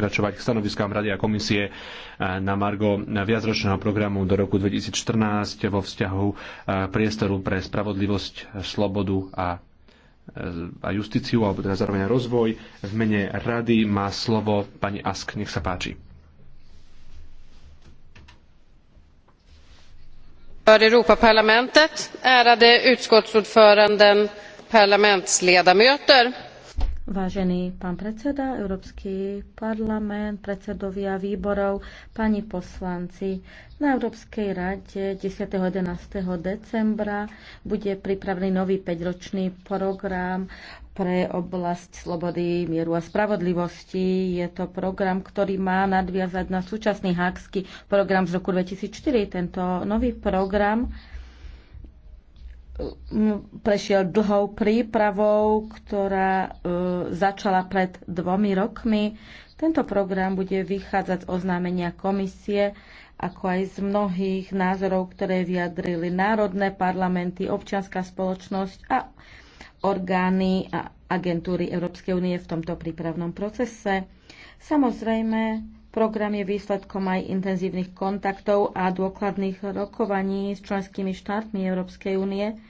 pokračovať k stanoviskám Rady a komisie eh, na Margo viacročného programu do roku 2014 vo vzťahu eh, priestoru pre spravodlivosť, slobodu a eh, a justíciu, alebo teda zároveň rozvoj. V mene rady má slovo pani Ask. Nech sa páči. Európa-parlamentet, ärade utskottsordföranden, parlamentsledamöter. Vážený pán predseda, Európsky parlament, predsedovia výborov, pani poslanci, na Európskej rade 10. 11. decembra bude pripravený nový 5-ročný program pre oblasť slobody, mieru a spravodlivosti. Je to program, ktorý má nadviazať na súčasný hákský program z roku 2004. Tento nový program prešiel dlhou prípravou, ktorá e, začala pred dvomi rokmi. Tento program bude vychádzať z oznámenia komisie, ako aj z mnohých názorov, ktoré vyjadrili národné parlamenty, občianská spoločnosť a orgány a agentúry Európskej únie v tomto prípravnom procese. Samozrejme, Program je výsledkom aj intenzívnych kontaktov a dôkladných rokovaní s členskými štátmi Európskej únie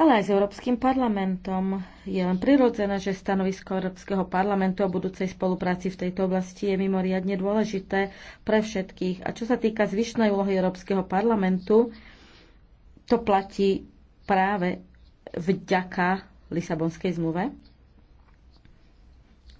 ale aj s Európskym parlamentom. Je len prirodzené, že stanovisko Európskeho parlamentu o budúcej spolupráci v tejto oblasti je mimoriadne dôležité pre všetkých. A čo sa týka zvyšnej úlohy Európskeho parlamentu, to platí práve vďaka Lisabonskej zmluve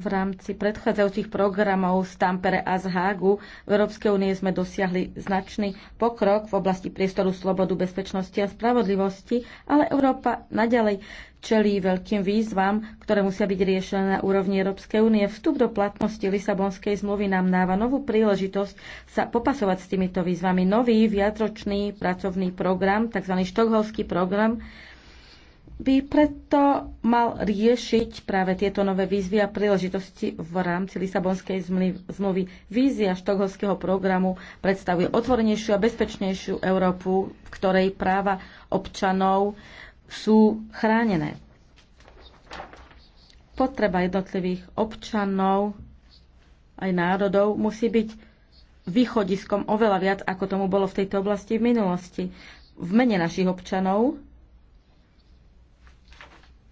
v rámci predchádzajúcich programov z Tampere a z Hágu v Európskej únie sme dosiahli značný pokrok v oblasti priestoru slobodu, bezpečnosti a spravodlivosti, ale Európa naďalej čelí veľkým výzvam, ktoré musia byť riešené na úrovni Európskej únie. Vstup do platnosti Lisabonskej zmluvy nám dáva novú príležitosť sa popasovať s týmito výzvami. Nový viacročný pracovný program, tzv. štokholský program, by preto mal riešiť práve tieto nové výzvy a príležitosti v rámci Lisabonskej zmluvy. Vízia štokholského programu predstavuje otvorenejšiu a bezpečnejšiu Európu, v ktorej práva občanov sú chránené. Potreba jednotlivých občanov aj národov musí byť východiskom oveľa viac, ako tomu bolo v tejto oblasti v minulosti. V mene našich občanov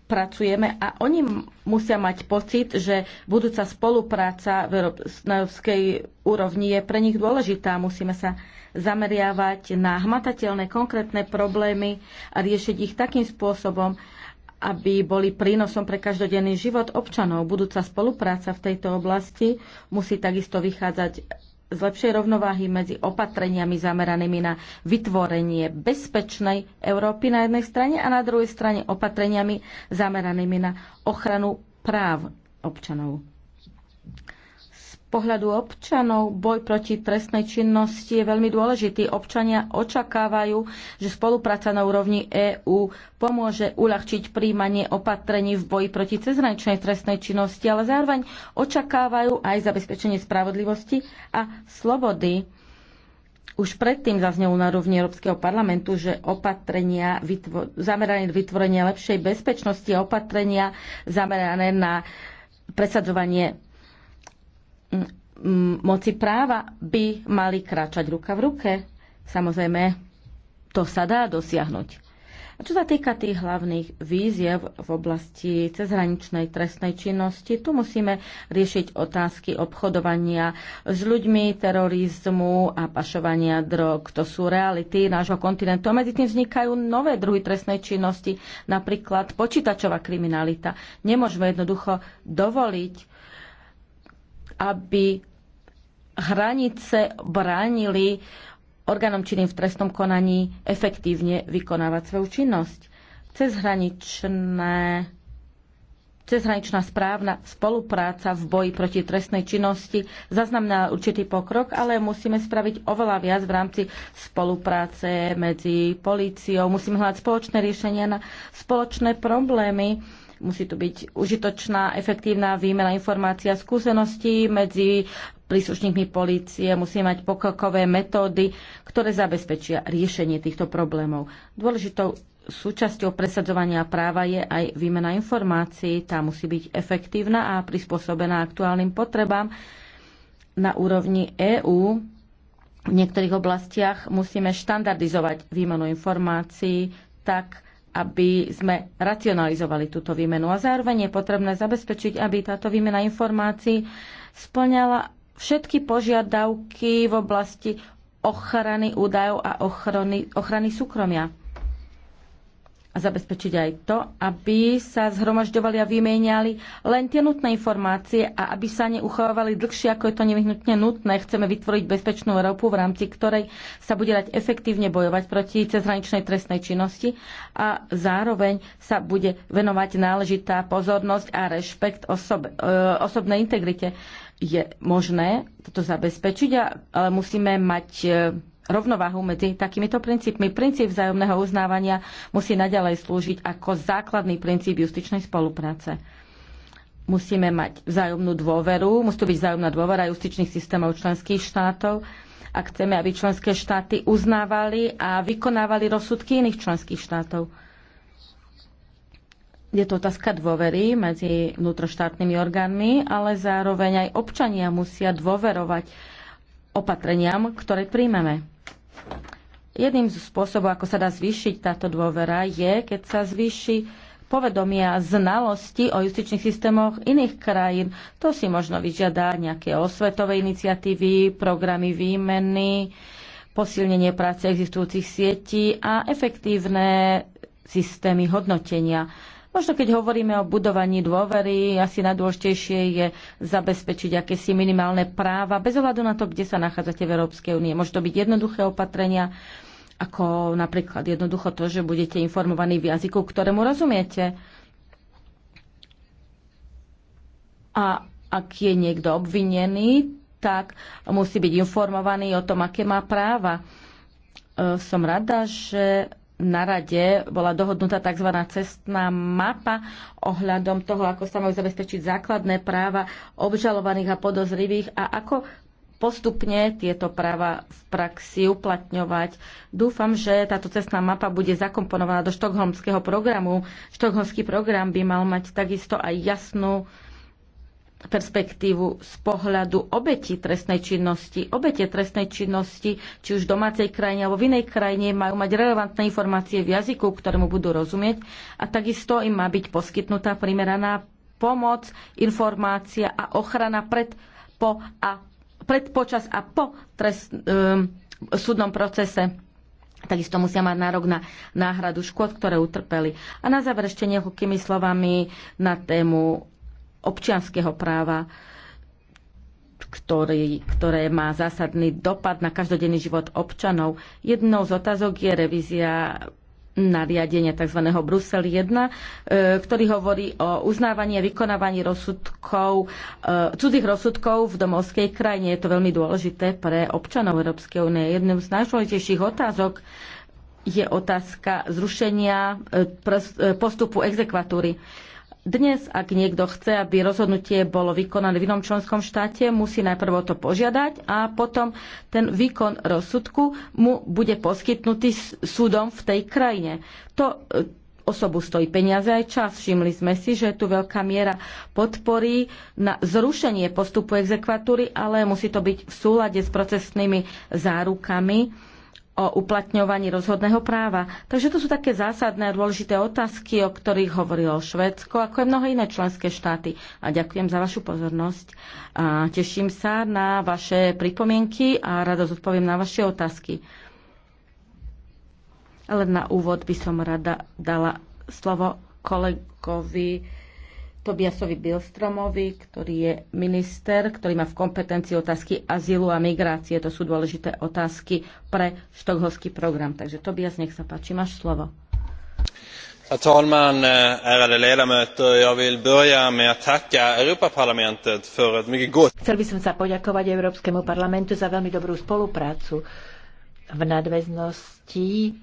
pracujeme a oni musia mať pocit, že budúca spolupráca na európskej úrovni je pre nich dôležitá. Musíme sa zameriavať na hmatateľné konkrétne problémy a riešiť ich takým spôsobom, aby boli prínosom pre každodenný život občanov. Budúca spolupráca v tejto oblasti musí takisto vychádzať z lepšej rovnováhy medzi opatreniami zameranými na vytvorenie bezpečnej Európy na jednej strane a na druhej strane opatreniami zameranými na ochranu práv občanov pohľadu občanov boj proti trestnej činnosti je veľmi dôležitý. Občania očakávajú, že spolupráca na úrovni EÚ pomôže uľahčiť príjmanie opatrení v boji proti cezhraničnej trestnej činnosti, ale zároveň očakávajú aj zabezpečenie spravodlivosti a slobody. Už predtým zaznelo na rovni Európskeho parlamentu, že opatrenia vytvo- zamerané na vytvorenie lepšej bezpečnosti a opatrenia zamerané na presadzovanie moci práva by mali kráčať ruka v ruke. Samozrejme, to sa dá dosiahnuť. A čo sa týka tých hlavných víziev v oblasti cezhraničnej trestnej činnosti, tu musíme riešiť otázky obchodovania s ľuďmi, terorizmu a pašovania drog. To sú reality nášho kontinentu. A medzi tým vznikajú nové druhy trestnej činnosti, napríklad počítačová kriminalita. Nemôžeme jednoducho dovoliť aby hranice bránili orgánom činným v trestnom konaní efektívne vykonávať svoju činnosť. Cezhraničné cezhraničná správna spolupráca v boji proti trestnej činnosti zaznamená určitý pokrok, ale musíme spraviť oveľa viac v rámci spolupráce medzi políciou. Musíme hľadať spoločné riešenia na spoločné problémy Musí tu byť užitočná, efektívna výmena informácia skúseností medzi príslušníkmi polície, musí mať pokrokové metódy, ktoré zabezpečia riešenie týchto problémov. Dôležitou súčasťou presadzovania práva je aj výmena informácií. Tá musí byť efektívna a prispôsobená aktuálnym potrebám. Na úrovni EÚ v niektorých oblastiach musíme štandardizovať výmenu informácií tak, aby sme racionalizovali túto výmenu. A zároveň je potrebné zabezpečiť, aby táto výmena informácií splňala všetky požiadavky v oblasti ochrany údajov a ochrany, ochrany súkromia. A zabezpečiť aj to, aby sa zhromažďovali a vymeniali len tie nutné informácie a aby sa neuchovávali dlhšie, ako je to nevyhnutne nutné. Chceme vytvoriť bezpečnú Európu, v rámci ktorej sa bude dať efektívne bojovať proti cezhraničnej trestnej činnosti a zároveň sa bude venovať náležitá pozornosť a rešpekt osobe, osobnej integrite. Je možné toto zabezpečiť, ale musíme mať e, rovnováhu medzi takýmito princípmi. Princíp vzájomného uznávania musí naďalej slúžiť ako základný princíp justičnej spolupráce. Musíme mať vzájomnú dôveru, musí to byť vzájomná dôvera justičných systémov členských štátov a chceme, aby členské štáty uznávali a vykonávali rozsudky iných členských štátov. Je to otázka dôvery medzi vnútroštátnymi orgánmi, ale zároveň aj občania musia dôverovať opatreniam, ktoré príjmeme. Jedným z spôsobov, ako sa dá zvýšiť táto dôvera, je, keď sa zvýši povedomia, znalosti o justičných systémoch iných krajín. To si možno vyžiada nejaké osvetové iniciatívy, programy výmeny, posilnenie práce existujúcich sietí a efektívne systémy hodnotenia. Možno keď hovoríme o budovaní dôvery, asi najdôležitejšie je zabezpečiť akési minimálne práva, bez ohľadu na to, kde sa nachádzate v Európskej únie. Môže to byť jednoduché opatrenia, ako napríklad jednoducho to, že budete informovaní v jazyku, ktorému rozumiete. A ak je niekto obvinený, tak musí byť informovaný o tom, aké má práva. E, som rada, že na rade bola dohodnutá tzv. cestná mapa ohľadom toho, ako sa majú zabezpečiť základné práva obžalovaných a podozrivých a ako postupne tieto práva v praxi uplatňovať. Dúfam, že táto cestná mapa bude zakomponovaná do štokholmského programu. Štokholmský program by mal mať takisto aj jasnú perspektívu z pohľadu obeti trestnej činnosti. Obete trestnej činnosti, či už v domácej krajine alebo v inej krajine, majú mať relevantné informácie v jazyku, ktorému budú rozumieť a takisto im má byť poskytnutá primeraná pomoc, informácia a ochrana pred, po a, pred počas a po trest, um, súdnom procese. Takisto musia mať nárok na náhradu škôd, ktoré utrpeli. A na záver ešte niekoľkými slovami na tému občianského práva, ktorý, ktoré má zásadný dopad na každodenný život občanov. Jednou z otázok je revízia nariadenia tzv. Brusel 1, e, ktorý hovorí o uznávaní a vykonávaní rozsudkov, e, cudzích rozsudkov v domovskej krajine. Je to veľmi dôležité pre občanov Európskej únie. Jednou z najdôležitejších otázok je otázka zrušenia e, postupu exekvatúry. Dnes, ak niekto chce, aby rozhodnutie bolo vykonané v inom členskom štáte, musí najprv o to požiadať a potom ten výkon rozsudku mu bude poskytnutý súdom v tej krajine. To e, osobu stojí peniaze aj čas. Všimli sme si, že je tu veľká miera podpory na zrušenie postupu exekvatúry, ale musí to byť v súlade s procesnými zárukami o uplatňovaní rozhodného práva. Takže to sú také zásadné a dôležité otázky, o ktorých hovorilo Švédsko, ako aj mnohé iné členské štáty. A ďakujem za vašu pozornosť. A teším sa na vaše pripomienky a rado zodpoviem na vaše otázky. Ale na úvod by som rada dala slovo kolegovi Tobiasovi Bilstromovi, ktorý je minister, ktorý má v kompetencii otázky azylu a migrácie. To sú dôležité otázky pre štokholský program. Takže Tobias, nech sa páči, máš slovo. Herr talman, eh, ärade ledamöter. Jag vill börja med att tacka Europaparlamentet för ett mycket gott... Chcel by som sa poďakovať Európskemu parlamentu za veľmi dobrú spoluprácu v nadväznosti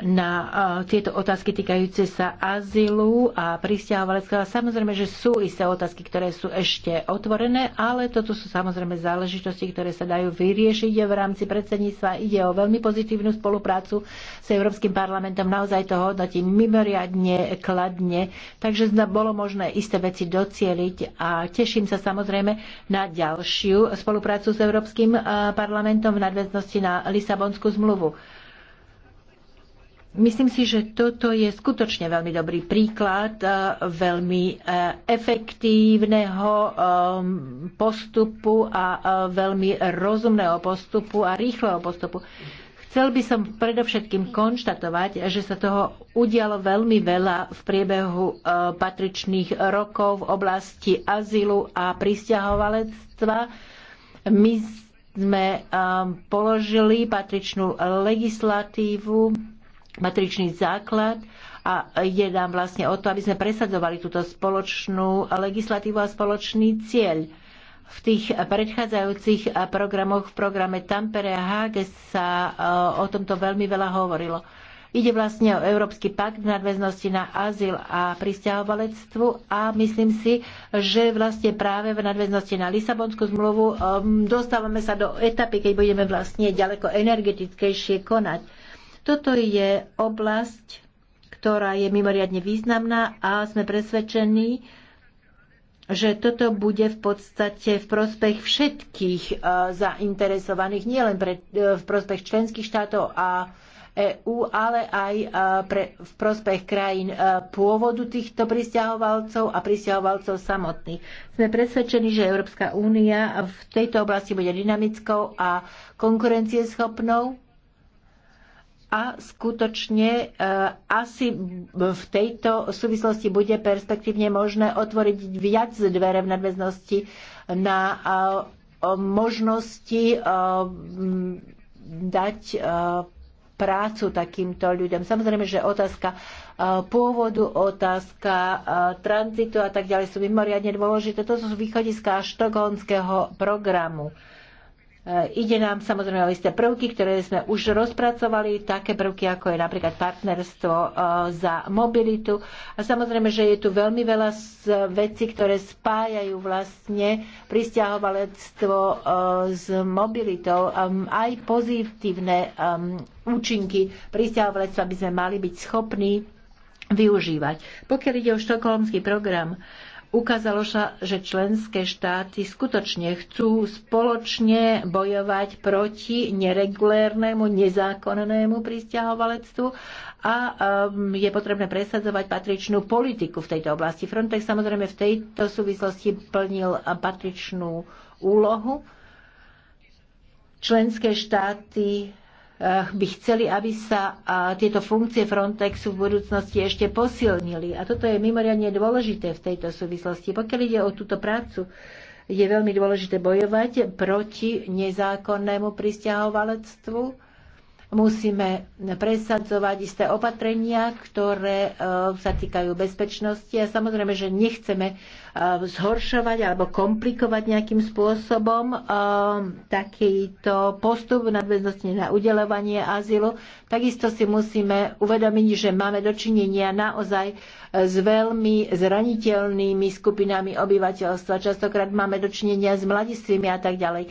na e, tieto otázky týkajúce sa azylu a pristiahovaleckého. Samozrejme, že sú isté otázky, ktoré sú ešte otvorené, ale toto sú samozrejme záležitosti, ktoré sa dajú vyriešiť v rámci predsedníctva. Ide o veľmi pozitívnu spoluprácu s Európskym parlamentom. Naozaj to hodnotím mimoriadne kladne. Takže bolo možné isté veci docieliť a teším sa samozrejme na ďalšiu spoluprácu s Európskym e, parlamentom v nadväznosti na Lisabonskú zmluvu. Myslím si, že toto je skutočne veľmi dobrý príklad e, veľmi e, efektívneho e, postupu a veľmi rozumného postupu a rýchleho postupu. Chcel by som predovšetkým konštatovať, že sa toho udialo veľmi veľa v priebehu patričných rokov v oblasti azylu a pristahovalectva. My sme položili patričnú legislatívu matričný základ a je nám vlastne o to, aby sme presadzovali túto spoločnú legislatívu a spoločný cieľ. V tých predchádzajúcich programoch, v programe Tampere a Hage sa eh, o tomto veľmi veľa hovorilo. Ide vlastne o Európsky pakt v nadväznosti na azyl a pristahovalectvu a myslím si, že vlastne práve v nadväznosti na Lisabonskú zmluvu eh, dostávame sa do etapy, keď budeme vlastne ďaleko energetickejšie konať toto je oblasť, ktorá je mimoriadne významná a sme presvedčení, že toto bude v podstate v prospech všetkých e, zainteresovaných, nielen pre, e, v prospech členských štátov a EU, ale aj e, pre, v prospech krajín pôvodu týchto pristahovalcov a pristahovalcov samotných. Sme presvedčení, že Európska únia v tejto oblasti bude dynamickou a konkurencieschopnou a skutočne e, asi v tejto súvislosti bude perspektívne možné otvoriť viac dvere v nadväznosti na e, možnosti e, dať prácu takýmto ľuďom. Samozrejme, že otázka pôvodu, otázka tranzitu a tak ďalej sú mimoriadne dôležité. To sú východiska štokholmského programu. E, ide nám samozrejme o isté prvky, ktoré sme už rozpracovali, také prvky, ako je napríklad partnerstvo e, za mobilitu. A samozrejme, že je tu veľmi veľa vecí, ktoré spájajú vlastne pristahovalectvo e, s mobilitou. Aj pozitívne účinky pristahovalectva by sme mali byť schopní využívať. Pokiaľ ide o štokholmský program, ukázalo sa, že členské štáty skutočne chcú spoločne bojovať proti neregulérnemu, nezákonnému prisťahovalectvu a um, je potrebné presadzovať patričnú politiku v tejto oblasti. Frontex samozrejme v tejto súvislosti plnil patričnú úlohu. Členské štáty Eh, by chceli, aby sa eh, tieto funkcie Frontexu v budúcnosti ešte posilnili. A toto je mimoriadne dôležité v tejto súvislosti. Pokiaľ ide o túto prácu, je veľmi dôležité bojovať proti nezákonnému pristahovalectvu Musíme presadzovať isté opatrenia, ktoré e, sa týkajú bezpečnosti a samozrejme, že nechceme e, zhoršovať alebo komplikovať nejakým spôsobom e, takýto postup v nadväznosti na udelovanie azylu. Takisto si musíme uvedomiť, že máme dočinenia naozaj s veľmi zraniteľnými skupinami obyvateľstva. Častokrát máme dočinenia s mladistvými a tak ďalej.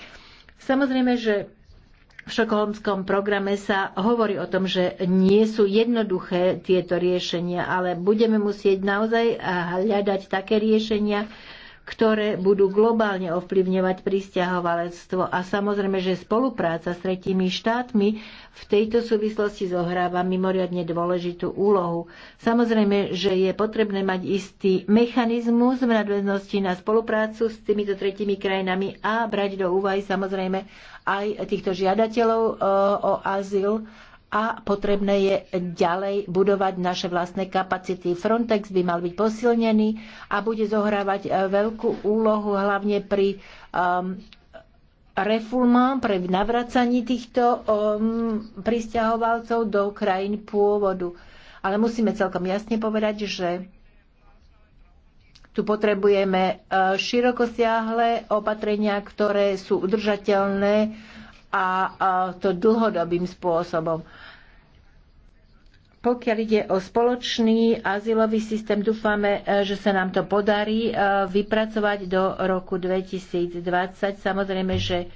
Samozrejme, že štokholmskom programe sa hovorí o tom, že nie sú jednoduché tieto riešenia, ale budeme musieť naozaj hľadať také riešenia, ktoré budú globálne ovplyvňovať pristahovalectvo. A samozrejme, že spolupráca s tretími štátmi v tejto súvislosti zohráva mimoriadne dôležitú úlohu. Samozrejme, že je potrebné mať istý mechanizmus v nadväznosti na spoluprácu s týmito tretími krajinami a brať do úvahy samozrejme aj týchto žiadateľov eh, o azyl a potrebné je ďalej budovať naše vlastné kapacity. Frontex by mal byť posilnený a bude zohrávať eh, veľkú úlohu hlavne pri um, ehm, refulmán, pre navracaní týchto um, pristahovalcov do krajín pôvodu. Ale musíme celkom jasne povedať, že tu potrebujeme eh, širokosiahle opatrenia, ktoré sú udržateľné a to dlhodobým spôsobom. Pokiaľ ide o spoločný azylový systém, dúfame, e, že sa nám to podarí e, vypracovať do roku 2020. Samozrejme, že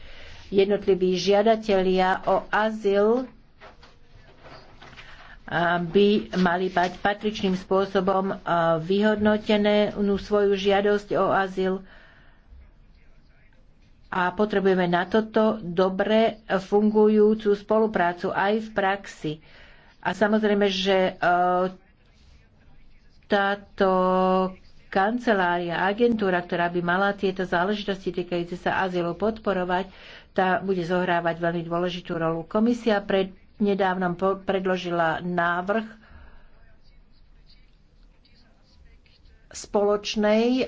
jednotliví žiadatelia o azyl e, by mali mať patričným spôsobom vyhodnotené svoju žiadosť o azyl a potrebujeme na toto dobre fungujúcu spoluprácu aj v praxi. A samozrejme, že e, táto kancelária, agentúra, ktorá by mala tieto záležitosti týkajúce sa azylu podporovať, tá bude zohrávať veľmi dôležitú rolu. Komisia pred, nedávnom predložila návrh spoločnej um,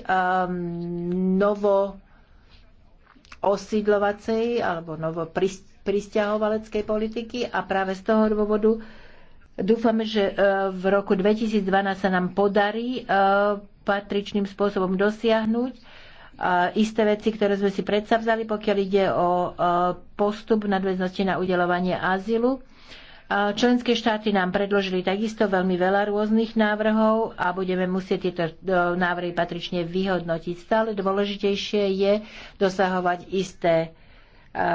novo osídlovacej alebo novo pristahovaleckej politiky a práve z toho dôvodu dúfame, že e, v roku 2012 sa nám podarí e, patričným spôsobom dosiahnuť e, isté veci, ktoré sme si predsa vzali, pokiaľ ide o postup nadväznosti na udelovanie azylu. Členské štáty nám predložili takisto veľmi veľa rôznych návrhov a budeme musieť tieto e, návrhy patrične vyhodnotiť. Stále dôležitejšie je dosahovať isté e,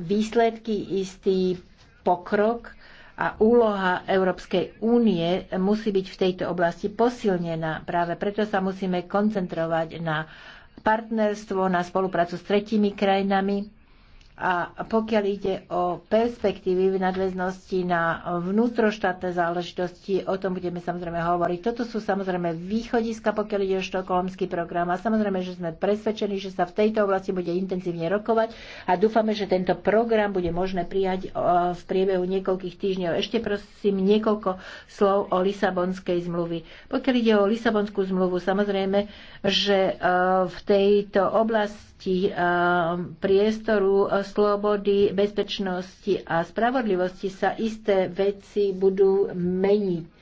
výsledky, istý pokrok a úloha Európskej únie musí byť v tejto oblasti posilnená. Práve preto sa musíme koncentrovať na partnerstvo, na spoluprácu s tretími krajinami a pokiaľ ide o perspektívy v nadväznosti na vnútroštátne záležitosti, o tom budeme samozrejme hovoriť. Toto sú samozrejme východiska, pokiaľ ide o štokholmský program. A samozrejme, že sme presvedčení, že sa v tejto oblasti bude intenzívne rokovať a dúfame, že tento program bude možné prijať v priebehu niekoľkých týždňov. Ešte prosím niekoľko slov o Lisabonskej zmluvy. Pokiaľ ide o Lisabonskú zmluvu, samozrejme, že e, v tejto oblasti oblasti eh, priestoru, eh, slobody, bezpečnosti a spravodlivosti sa isté veci budú meniť.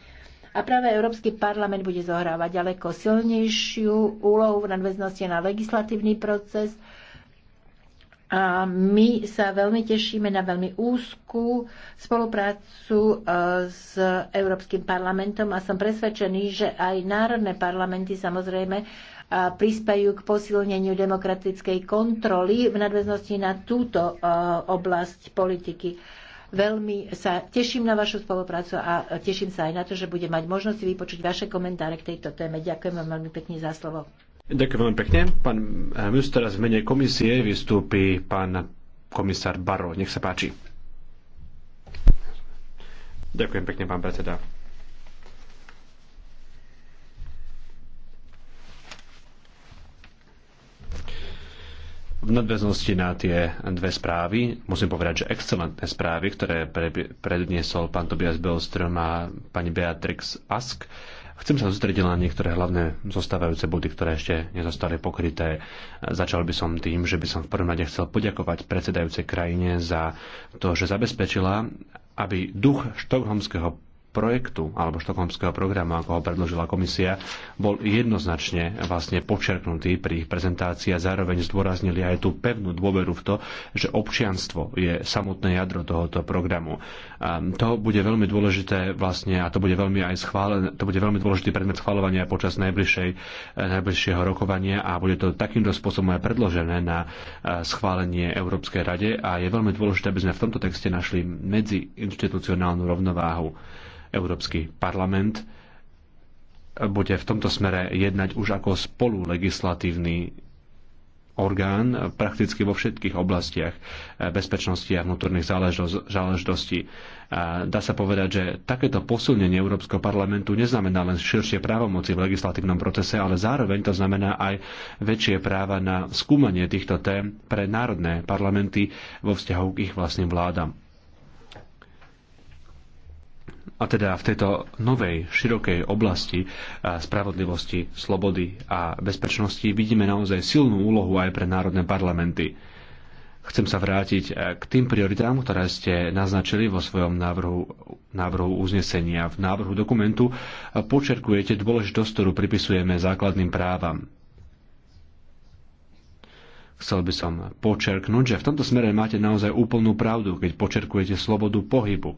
A práve Európsky parlament bude zohrávať ďaleko silnejšiu úlohu v nadväznosti na legislatívny proces. A my sa veľmi tešíme na veľmi úzkú spoluprácu eh, s Európskym parlamentom a som presvedčený, že aj národné parlamenty samozrejme prispäjú k posilneniu demokratickej kontroly v nadväznosti na túto e, oblasť politiky. Veľmi sa teším na vašu spoluprácu a teším sa aj na to, že budem mať možnosť vypočuť vaše komentáre k tejto téme. Ďakujem vám veľmi pekne za slovo. Ďakujem veľmi pekne. Pán e, minister, z v mene komisie vystúpi pán komisár Baro. Nech sa páči. Ďakujem pekne, pán predseda. V nadväznosti na tie dve správy, musím povedať, že excelentné správy, ktoré predniesol pán Tobias Belstrom a pani Beatrix Ask, Chcem sa zostrediť na niektoré hlavné zostávajúce body, ktoré ešte nezostali pokryté. Začal by som tým, že by som v prvom rade chcel poďakovať predsedajúcej krajine za to, že zabezpečila, aby duch štokholmského projektu alebo štokholmského programu, ako ho predložila komisia, bol jednoznačne vlastne počerknutý pri ich prezentácii a zároveň zdôraznili aj tú pevnú dôveru v to, že občianstvo je samotné jadro tohoto programu. A to bude veľmi dôležité vlastne a to bude veľmi aj schválen, to bude veľmi dôležitý predmet schváľovania počas najbližšej, najbližšieho rokovania a bude to takýmto spôsobom aj predložené na schválenie Európskej rade a je veľmi dôležité, aby sme v tomto texte našli medziinstitucionálnu rovnováhu. Európsky parlament bude v tomto smere jednať už ako spolulegislatívny orgán prakticky vo všetkých oblastiach eh, bezpečnosti a vnútorných záležitostí. Dá sa povedať, že takéto posilnenie Európskeho parlamentu neznamená len širšie právomoci v legislatívnom procese, ale zároveň to znamená aj väčšie práva na skúmanie týchto tém pre národné parlamenty vo vzťahu k ich vlastným vládam a teda v tejto novej, širokej oblasti eh, spravodlivosti, slobody a bezpečnosti vidíme naozaj silnú úlohu aj pre národné parlamenty. Chcem sa vrátiť eh, k tým prioritám, ktoré ste naznačili vo svojom návrhu, návrhu uznesenia. V návrhu dokumentu eh, počerkujete dôležitosť, ktorú pripisujeme základným právam. Chcel by som počerknúť, že v tomto smere máte naozaj úplnú pravdu, keď počerkujete slobodu pohybu,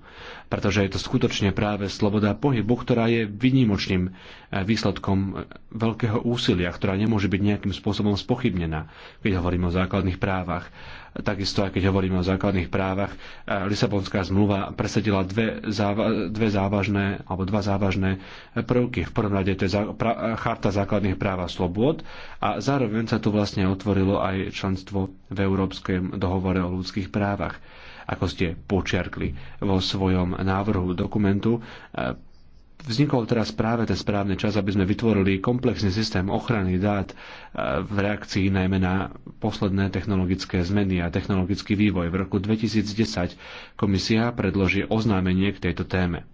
pretože je to skutočne práve sloboda pohybu, ktorá je vynimočným e, výsledkom e, veľkého úsilia, ktorá nemôže byť nejakým spôsobom spochybnená, keď hovorím o základných právach. Takisto, aj keď hovoríme o základných právach, e, Lisabonská zmluva presadila dve, záva, dve závažné alebo dva závažné prvky. V prvom rade to je zá, pra, charta základných práv a slobôd a zároveň sa tu vlastne otvorilo aj členstvo v Európskej dohovore o ľudských právach ako ste počiarkli vo svojom návrhu dokumentu. E, vznikol teraz práve ten správny čas, aby sme vytvorili komplexný systém ochrany dát e, v reakcii najmä na posledné technologické zmeny a technologický vývoj. V roku 2010 komisia predloží oznámenie k tejto téme.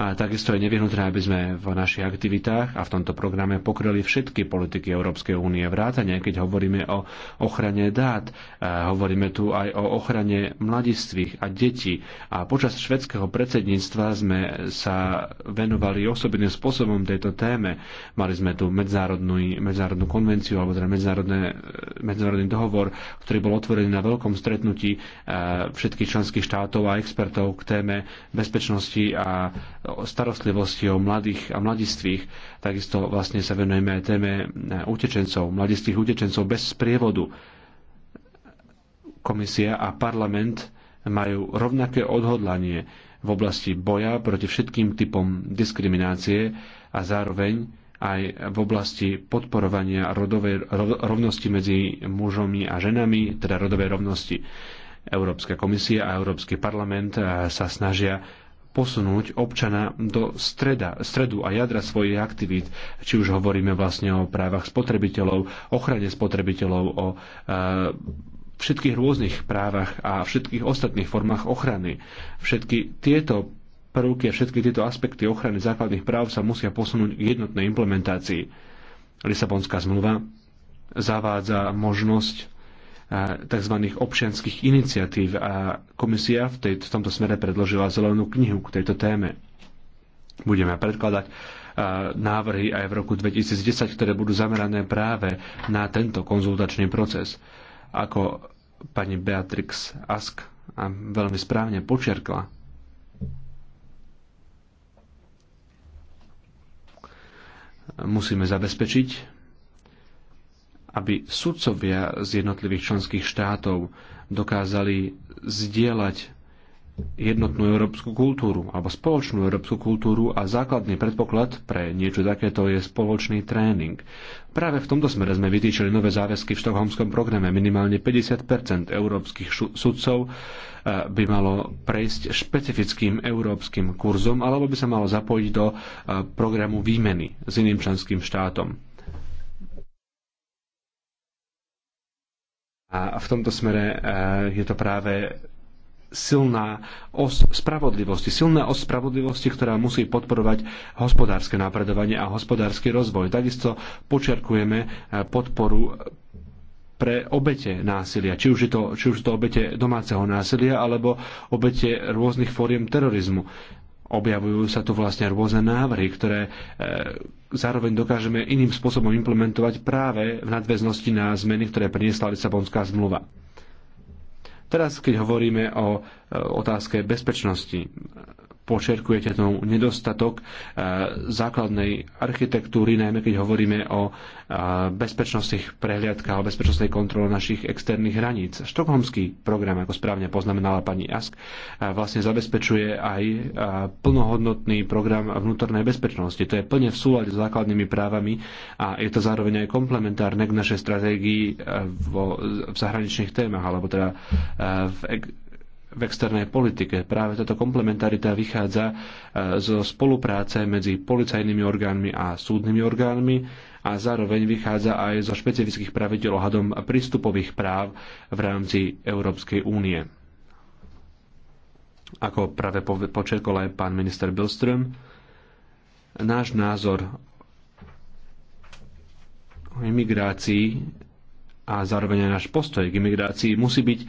A takisto je nevyhnutné, aby sme v našich aktivitách a v tomto programe pokryli všetky politiky Európskej únie vrátane, keď hovoríme o ochrane dát, hovoríme tu aj o ochrane mladistvých a detí. A počas švedského predsedníctva sme sa venovali osobitným spôsobom tejto téme. Mali sme tu medzinárodnú, medzinárodnú konvenciu alebo teda medzinárodný dohovor, ktorý bol otvorený na veľkom stretnutí eh, všetkých členských štátov a expertov k téme bezpečnosti a starostlivosti o mladých a mladistvých. Takisto vlastne sa venujeme aj téme utečencov, mladistých utečencov bez sprievodu. Komisia a parlament majú rovnaké odhodlanie v oblasti boja proti všetkým typom diskriminácie a zároveň aj v oblasti podporovania rodovej rovnosti medzi mužomi a ženami, teda rodovej rovnosti. Európska komisia a Európsky parlament eh, sa snažia posunúť občana do streda, stredu a jadra svojich aktivít, či už hovoríme vlastne o právach spotrebiteľov, ochrane spotrebiteľov, o e, všetkých rôznych právach a všetkých ostatných formách ochrany. Všetky tieto prvky a všetky tieto aspekty ochrany základných práv sa musia posunúť k jednotnej implementácii. Lisabonská zmluva zavádza možnosť tzv. občianských iniciatív a komisia v, tej, v tomto smere predložila zelenú knihu k tejto téme. Budeme predkladať návrhy aj v roku 2010, ktoré budú zamerané práve na tento konzultačný proces. Ako pani Beatrix Ask a veľmi správne počerkla, musíme zabezpečiť, aby sudcovia z jednotlivých členských štátov dokázali zdieľať jednotnú európsku kultúru alebo spoločnú európsku kultúru a základný predpoklad pre niečo takéto je spoločný tréning. Práve v tomto smere sme vytýčili nové záväzky v štokholmskom programe. Minimálne 50 európskych sudcov e, by malo prejsť špecifickým európskym kurzom alebo by sa malo zapojiť do e, programu výmeny s iným členským štátom. A v tomto smere e, je to práve silná os spravodlivosti, silná os spravodlivosti, ktorá musí podporovať hospodárske napredovanie a hospodársky rozvoj. Takisto počerkujeme e, podporu pre obete násilia, či už, je to, či už je to obete domáceho násilia alebo obete rôznych fóriem terorizmu objavujú sa tu vlastne rôzne návrhy, ktoré e, zároveň dokážeme iným spôsobom implementovať práve v nadväznosti na zmeny, ktoré priniesla Lisabonská zmluva. Teraz, keď hovoríme o e, otázke bezpečnosti, počerkujete tomu nedostatok e, základnej architektúry, najmä keď hovoríme o e, bezpečnostných prehliadkách, o bezpečnostnej kontrole našich externých hraníc. Štokholmský program, ako správne poznamenala pani Ask, e, vlastne zabezpečuje aj plnohodnotný program vnútornej bezpečnosti. To je plne v súlade s základnými právami a je to zároveň aj komplementárne k našej stratégii v zahraničných témach, alebo teda v v externej politike. Práve táto komplementarita vychádza e, zo spolupráce medzi policajnými orgánmi a súdnymi orgánmi a zároveň vychádza aj zo špecifických pravidel ohľadom prístupových práv v rámci Európskej únie. Ako práve počerkol aj pán minister Bilström, náš názor o imigrácii a zároveň aj náš postoj k imigrácii musí byť e,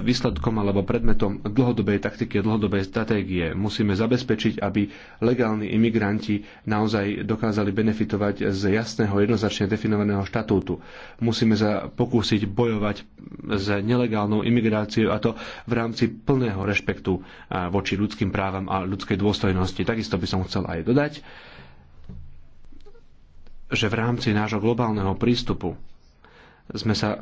výsledkom alebo predmetom dlhodobej taktiky dlhodobej stratégie. Musíme zabezpečiť, aby legálni imigranti naozaj dokázali benefitovať z jasného, jednoznačne definovaného štatútu. Musíme sa pokúsiť bojovať s nelegálnou imigráciou a to v rámci plného rešpektu e, voči ľudským právam a ľudskej dôstojnosti. Takisto by som chcel aj dodať, že v rámci nášho globálneho prístupu sme sa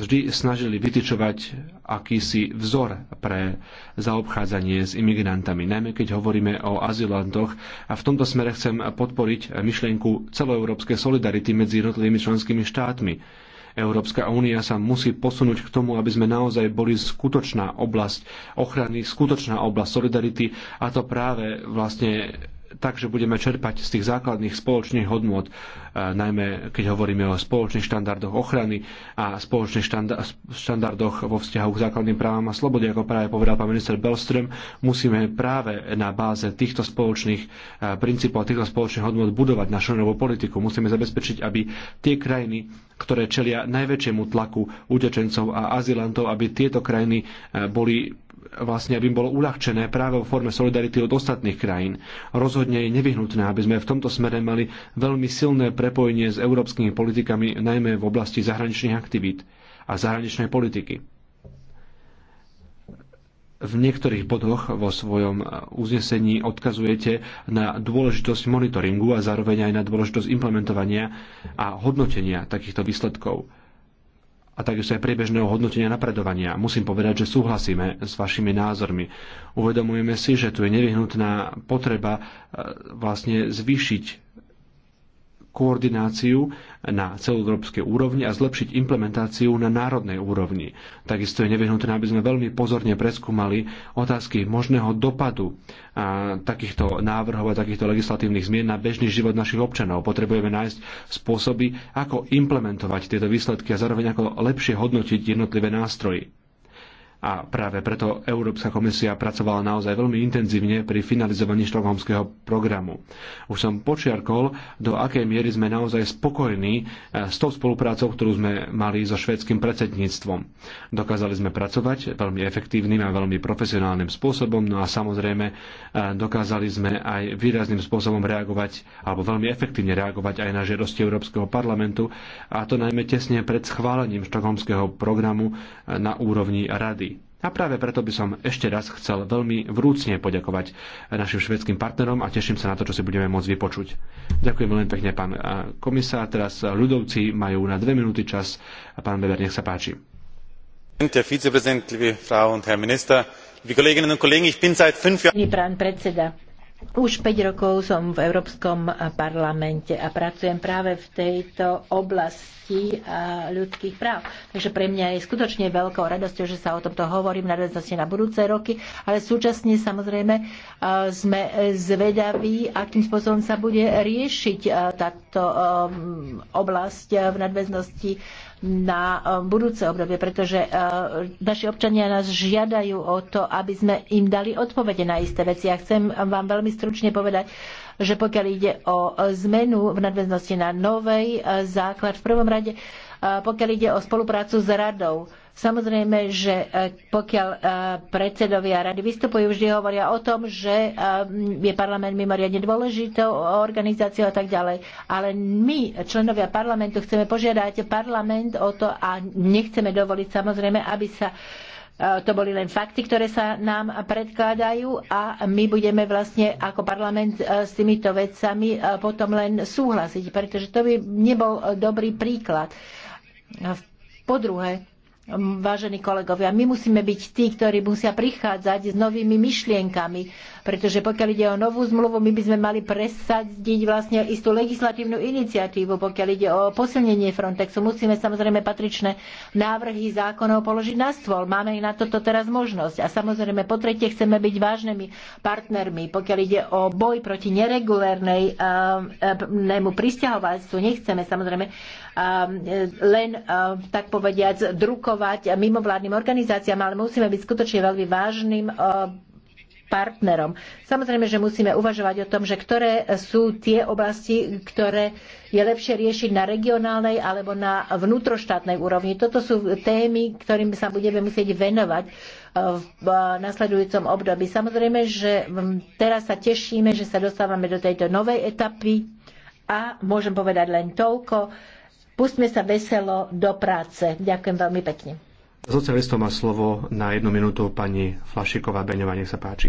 vždy snažili vytyčovať akýsi vzor pre zaobchádzanie s imigrantami, najmä keď hovoríme o azylantoch. A v tomto smere chcem podporiť myšlienku celoeurópskej solidarity medzi jednotlivými členskými štátmi. Európska únia sa musí posunúť k tomu, aby sme naozaj boli skutočná oblasť ochrany, skutočná oblasť solidarity a to práve vlastne tak, že budeme čerpať z tých základných spoločných hodnôt, e, najmä keď hovoríme o spoločných štandardoch ochrany a spoločných štandardoch vo vzťahu k základným právam a slobode, ako práve povedal pán minister Belström, musíme práve na báze týchto spoločných e, princípov a týchto spoločných hodnôt budovať našu novú politiku. Musíme zabezpečiť, aby tie krajiny, ktoré čelia najväčšiemu tlaku utečencov a azylantov, aby tieto krajiny e, boli vlastne, aby im bolo uľahčené práve vo forme solidarity od ostatných krajín. Rozhodne je nevyhnutné, aby sme v tomto smere mali veľmi silné prepojenie s európskymi politikami, najmä v oblasti zahraničných aktivít a zahraničnej politiky. V niektorých bodoch vo svojom uznesení odkazujete na dôležitosť monitoringu a zároveň aj na dôležitosť implementovania a hodnotenia takýchto výsledkov a takisto aj priebežného hodnotenia napredovania. Musím povedať, že súhlasíme s vašimi názormi. Uvedomujeme si, že tu je nevyhnutná potreba e, vlastne zvýšiť koordináciu na celoeurópskej úrovni a zlepšiť implementáciu na národnej úrovni. Takisto je nevyhnutné, aby sme veľmi pozorne preskúmali otázky možného dopadu a takýchto návrhov a takýchto legislatívnych zmien na bežný život našich občanov. Potrebujeme nájsť spôsoby, ako implementovať tieto výsledky a zároveň ako lepšie hodnotiť jednotlivé nástroje. A práve preto Európska komisia pracovala naozaj veľmi intenzívne pri finalizovaní štokholmského programu. Už som počiarkol, do akej miery sme naozaj spokojní e, s tou spoluprácou, ktorú sme mali so švedským predsedníctvom. Dokázali sme pracovať veľmi efektívnym a veľmi profesionálnym spôsobom, no a samozrejme e, dokázali sme aj výrazným spôsobom reagovať, alebo veľmi efektívne reagovať aj na žiadosti Európskeho parlamentu, a to najmä tesne pred schválením štokholmského programu e, na úrovni rady. A práve preto by som ešte raz chcel veľmi vrúcne poďakovať našim švedským partnerom a teším sa na to, čo si budeme môcť vypočuť. Ďakujem veľmi pekne, pán eh, komisár. Teraz eh, ľudovci majú na dve minúty čas. Pán Beber, nech sa páči. Pán predseda, už 5 rokov som v Európskom eh, parlamente a pracujem práve v tejto oblasti oblasti ľudských práv. Takže pre mňa je skutočne veľkou radosťou, že sa o tomto hovorím na na budúce roky, ale súčasne samozrejme sme zvedaví, akým spôsobom sa bude riešiť táto oblasť v nadväznosti na budúce obdobie, pretože naši občania nás žiadajú o to, aby sme im dali odpovede na isté veci. Ja chcem vám veľmi stručne povedať, že pokiaľ ide o zmenu v nadväznosti na novej e, základ v prvom rade, e, pokiaľ ide o spoluprácu s radou. Samozrejme, že e, pokiaľ predsedovia rady vystupujú, vždy hovoria o tom, že je parlament mimoriadne dôležitou organizáciou a tak ďalej. Ale my, členovia parlamentu, chceme požiadať parlament o to a nechceme dovoliť samozrejme, aby sa Eh, to boli len fakty, ktoré sa nám predkladajú a my budeme vlastne ako parlament eh, s týmito vecami eh, potom len súhlasiť, pretože to by nebol dobrý príklad. Po druhé, vážení kolegovia, my musíme byť tí, ktorí musia prichádzať s novými myšlienkami pretože pokiaľ ide o novú zmluvu, my by sme mali presadiť vlastne istú legislatívnu iniciatívu. Pokiaľ ide o posilnenie Frontexu, musíme samozrejme patričné návrhy zákonov položiť na stôl. Máme na toto teraz možnosť. A samozrejme, po tretie, chceme byť vážnymi partnermi. Pokiaľ ide o boj proti eh, neregulérnemu pristahovalstvu, nechceme samozrejme eh, len, eh, tak povediať, drukovať mimovládnym organizáciám, ale musíme byť skutočne veľmi vážnym partnerom. Samozrejme, že musíme uvažovať o tom, že ktoré sú tie oblasti, ktoré je lepšie riešiť na regionálnej alebo na vnútroštátnej úrovni. Toto sú témy, ktorým sa budeme musieť venovať e, v e, nasledujúcom období. Samozrejme, že teraz sa tešíme, že sa dostávame do tejto novej etapy a môžem povedať len toľko. Pustme sa veselo do práce. Ďakujem veľmi pekne. Socialistom má slovo na jednu minútu pani Flašiková Beňová, nech sa páči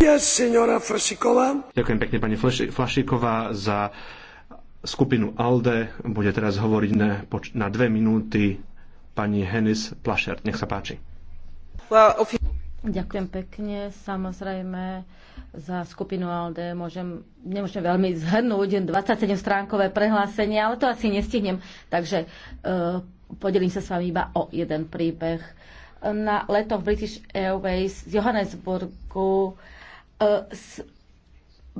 Ďakujem pekne pani Flašiková za skupinu ALDE. Bude teraz hovoriť na, na dve minúty pani Henis Plašert. Nech sa páči. Ďakujem pekne. Samozrejme, za skupinu ALDE môžem, nemôžem veľmi zhrnúť 27-stránkové prehlásenie, ale to asi nestihnem. Takže uh, podelím sa s vami iba o jeden príbeh. Na letoch British Airways z Johannesburgu uh, E,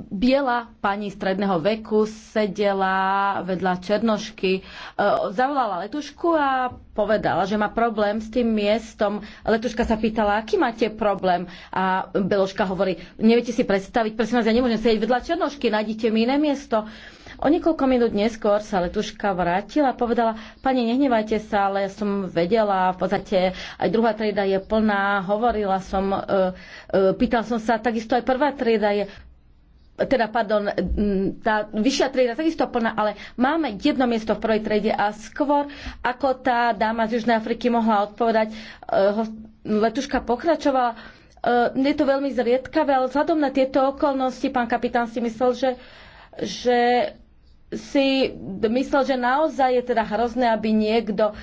biela pani stredného veku sedela vedľa Černošky, e, zavolala letušku a povedala, že má problém s tým miestom. Letuška sa pýtala, aký máte problém? A Beloška hovorí, neviete si predstaviť, prosím vás, ja nemôžem sedieť vedľa Černošky, nájdite mi iné miesto. O niekoľko minút neskôr sa letuška vrátila a povedala, pani, nehnevajte sa, ale ja som vedela, v podstate aj druhá trieda je plná, hovorila som, e, e, pýtal som sa, takisto aj prvá trieda je teda pardon, tá vyššia trieda takisto plná, ale máme jedno miesto v prvej triede a skôr ako tá dáma z Južnej Afriky mohla odpovedať, e, letuška pokračovala. Je to veľmi zriedkavé, ale vzhľadom na tieto okolnosti pán kapitán si myslel, že že si myslel, že naozaj je teda hrozné, aby niekto e,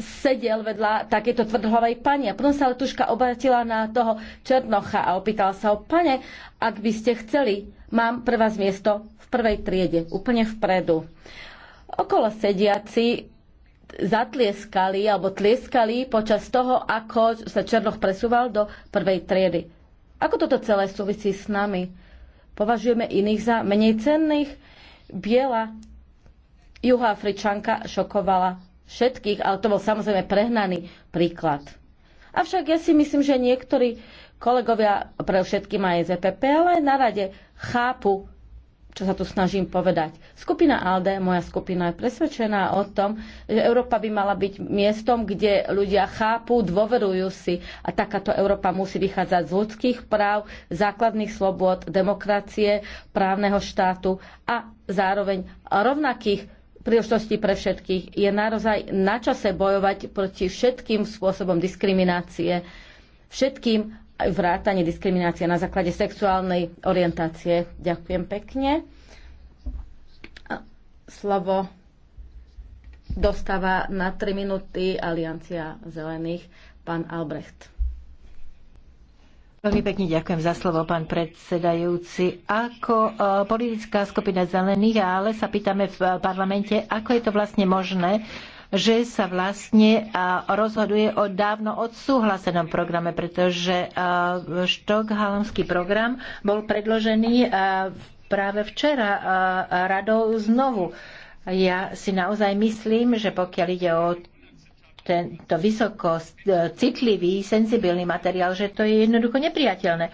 sedel vedľa takéto tvrdohlavej pani. A potom sa letuška obratila na toho Černocha a opýtala sa o pane, ak by ste chceli, mám pre vás miesto v prvej triede, úplne vpredu. Okolo sediaci zatlieskali alebo tlieskali počas toho, ako sa Černoch presúval do prvej triedy. Ako toto celé súvisí s nami? Považujeme iných za menej cenných? biela juhoafričanka šokovala všetkých, ale to bol samozrejme prehnaný príklad. Avšak ja si myslím, že niektorí kolegovia, pre všetky majú ZPP, e ale aj na rade chápu čo sa tu snažím povedať. Skupina ALDE, moja skupina, je presvedčená o tom, že Európa by mala byť miestom, kde ľudia chápu, dôverujú si a takáto Európa musí vychádzať z ľudských práv, základných slobod, demokracie, právneho štátu a zároveň rovnakých príležitosti pre všetkých. Je naozaj na čase bojovať proti všetkým spôsobom diskriminácie, všetkým vrátanie diskriminácia na základe sexuálnej orientácie. Ďakujem pekne. Slovo dostáva na 3 minúty Aliancia zelených pán Albrecht. Veľmi pekne ďakujem za slovo, pán predsedajúci. Ako e, politická skupina zelených, ale sa pýtame v e, parlamente, ako je to vlastne možné, že sa vlastne rozhoduje o dávno odsúhlasenom programe, pretože štokhalmský program bol predložený práve včera radou znovu. Ja si naozaj myslím, že pokiaľ ide o tento vysoko e, citlivý, senzibilný materiál, že to je jednoducho nepriateľné.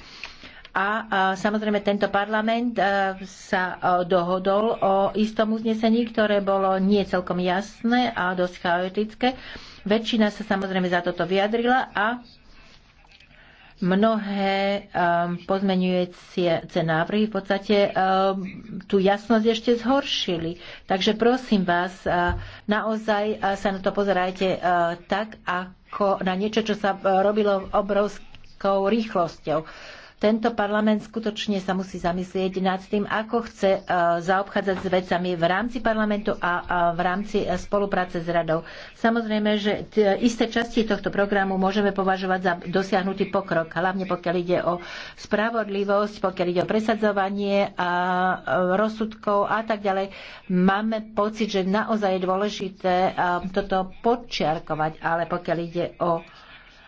A samozrejme tento parlament e, sa e, dohodol o istom uznesení, ktoré bolo nie celkom jasné a dosť chaotické. Väčšina sa samozrejme za toto vyjadrila a mnohé e, pozmenujúce návrhy v podstate tú jasnosť ešte zhoršili. Takže prosím vás, naozaj sa na to pozerajte tak, ako na niečo, čo sa robilo obrovskou rýchlosťou. Tento parlament skutočne sa musí zamyslieť nad tým, ako chce e, zaobchádzať s vecami v rámci parlamentu a v rámci e, spolupráce s radou. Samozrejme, že isté časti tohto programu môžeme považovať za dosiahnutý pokrok, hlavne pokiaľ ide o spravodlivosť, pokiaľ ide o presadzovanie a e, rozsudkov a tak ďalej. Máme pocit, že naozaj je dôležité toto podčiarkovať, ale pokiaľ ide o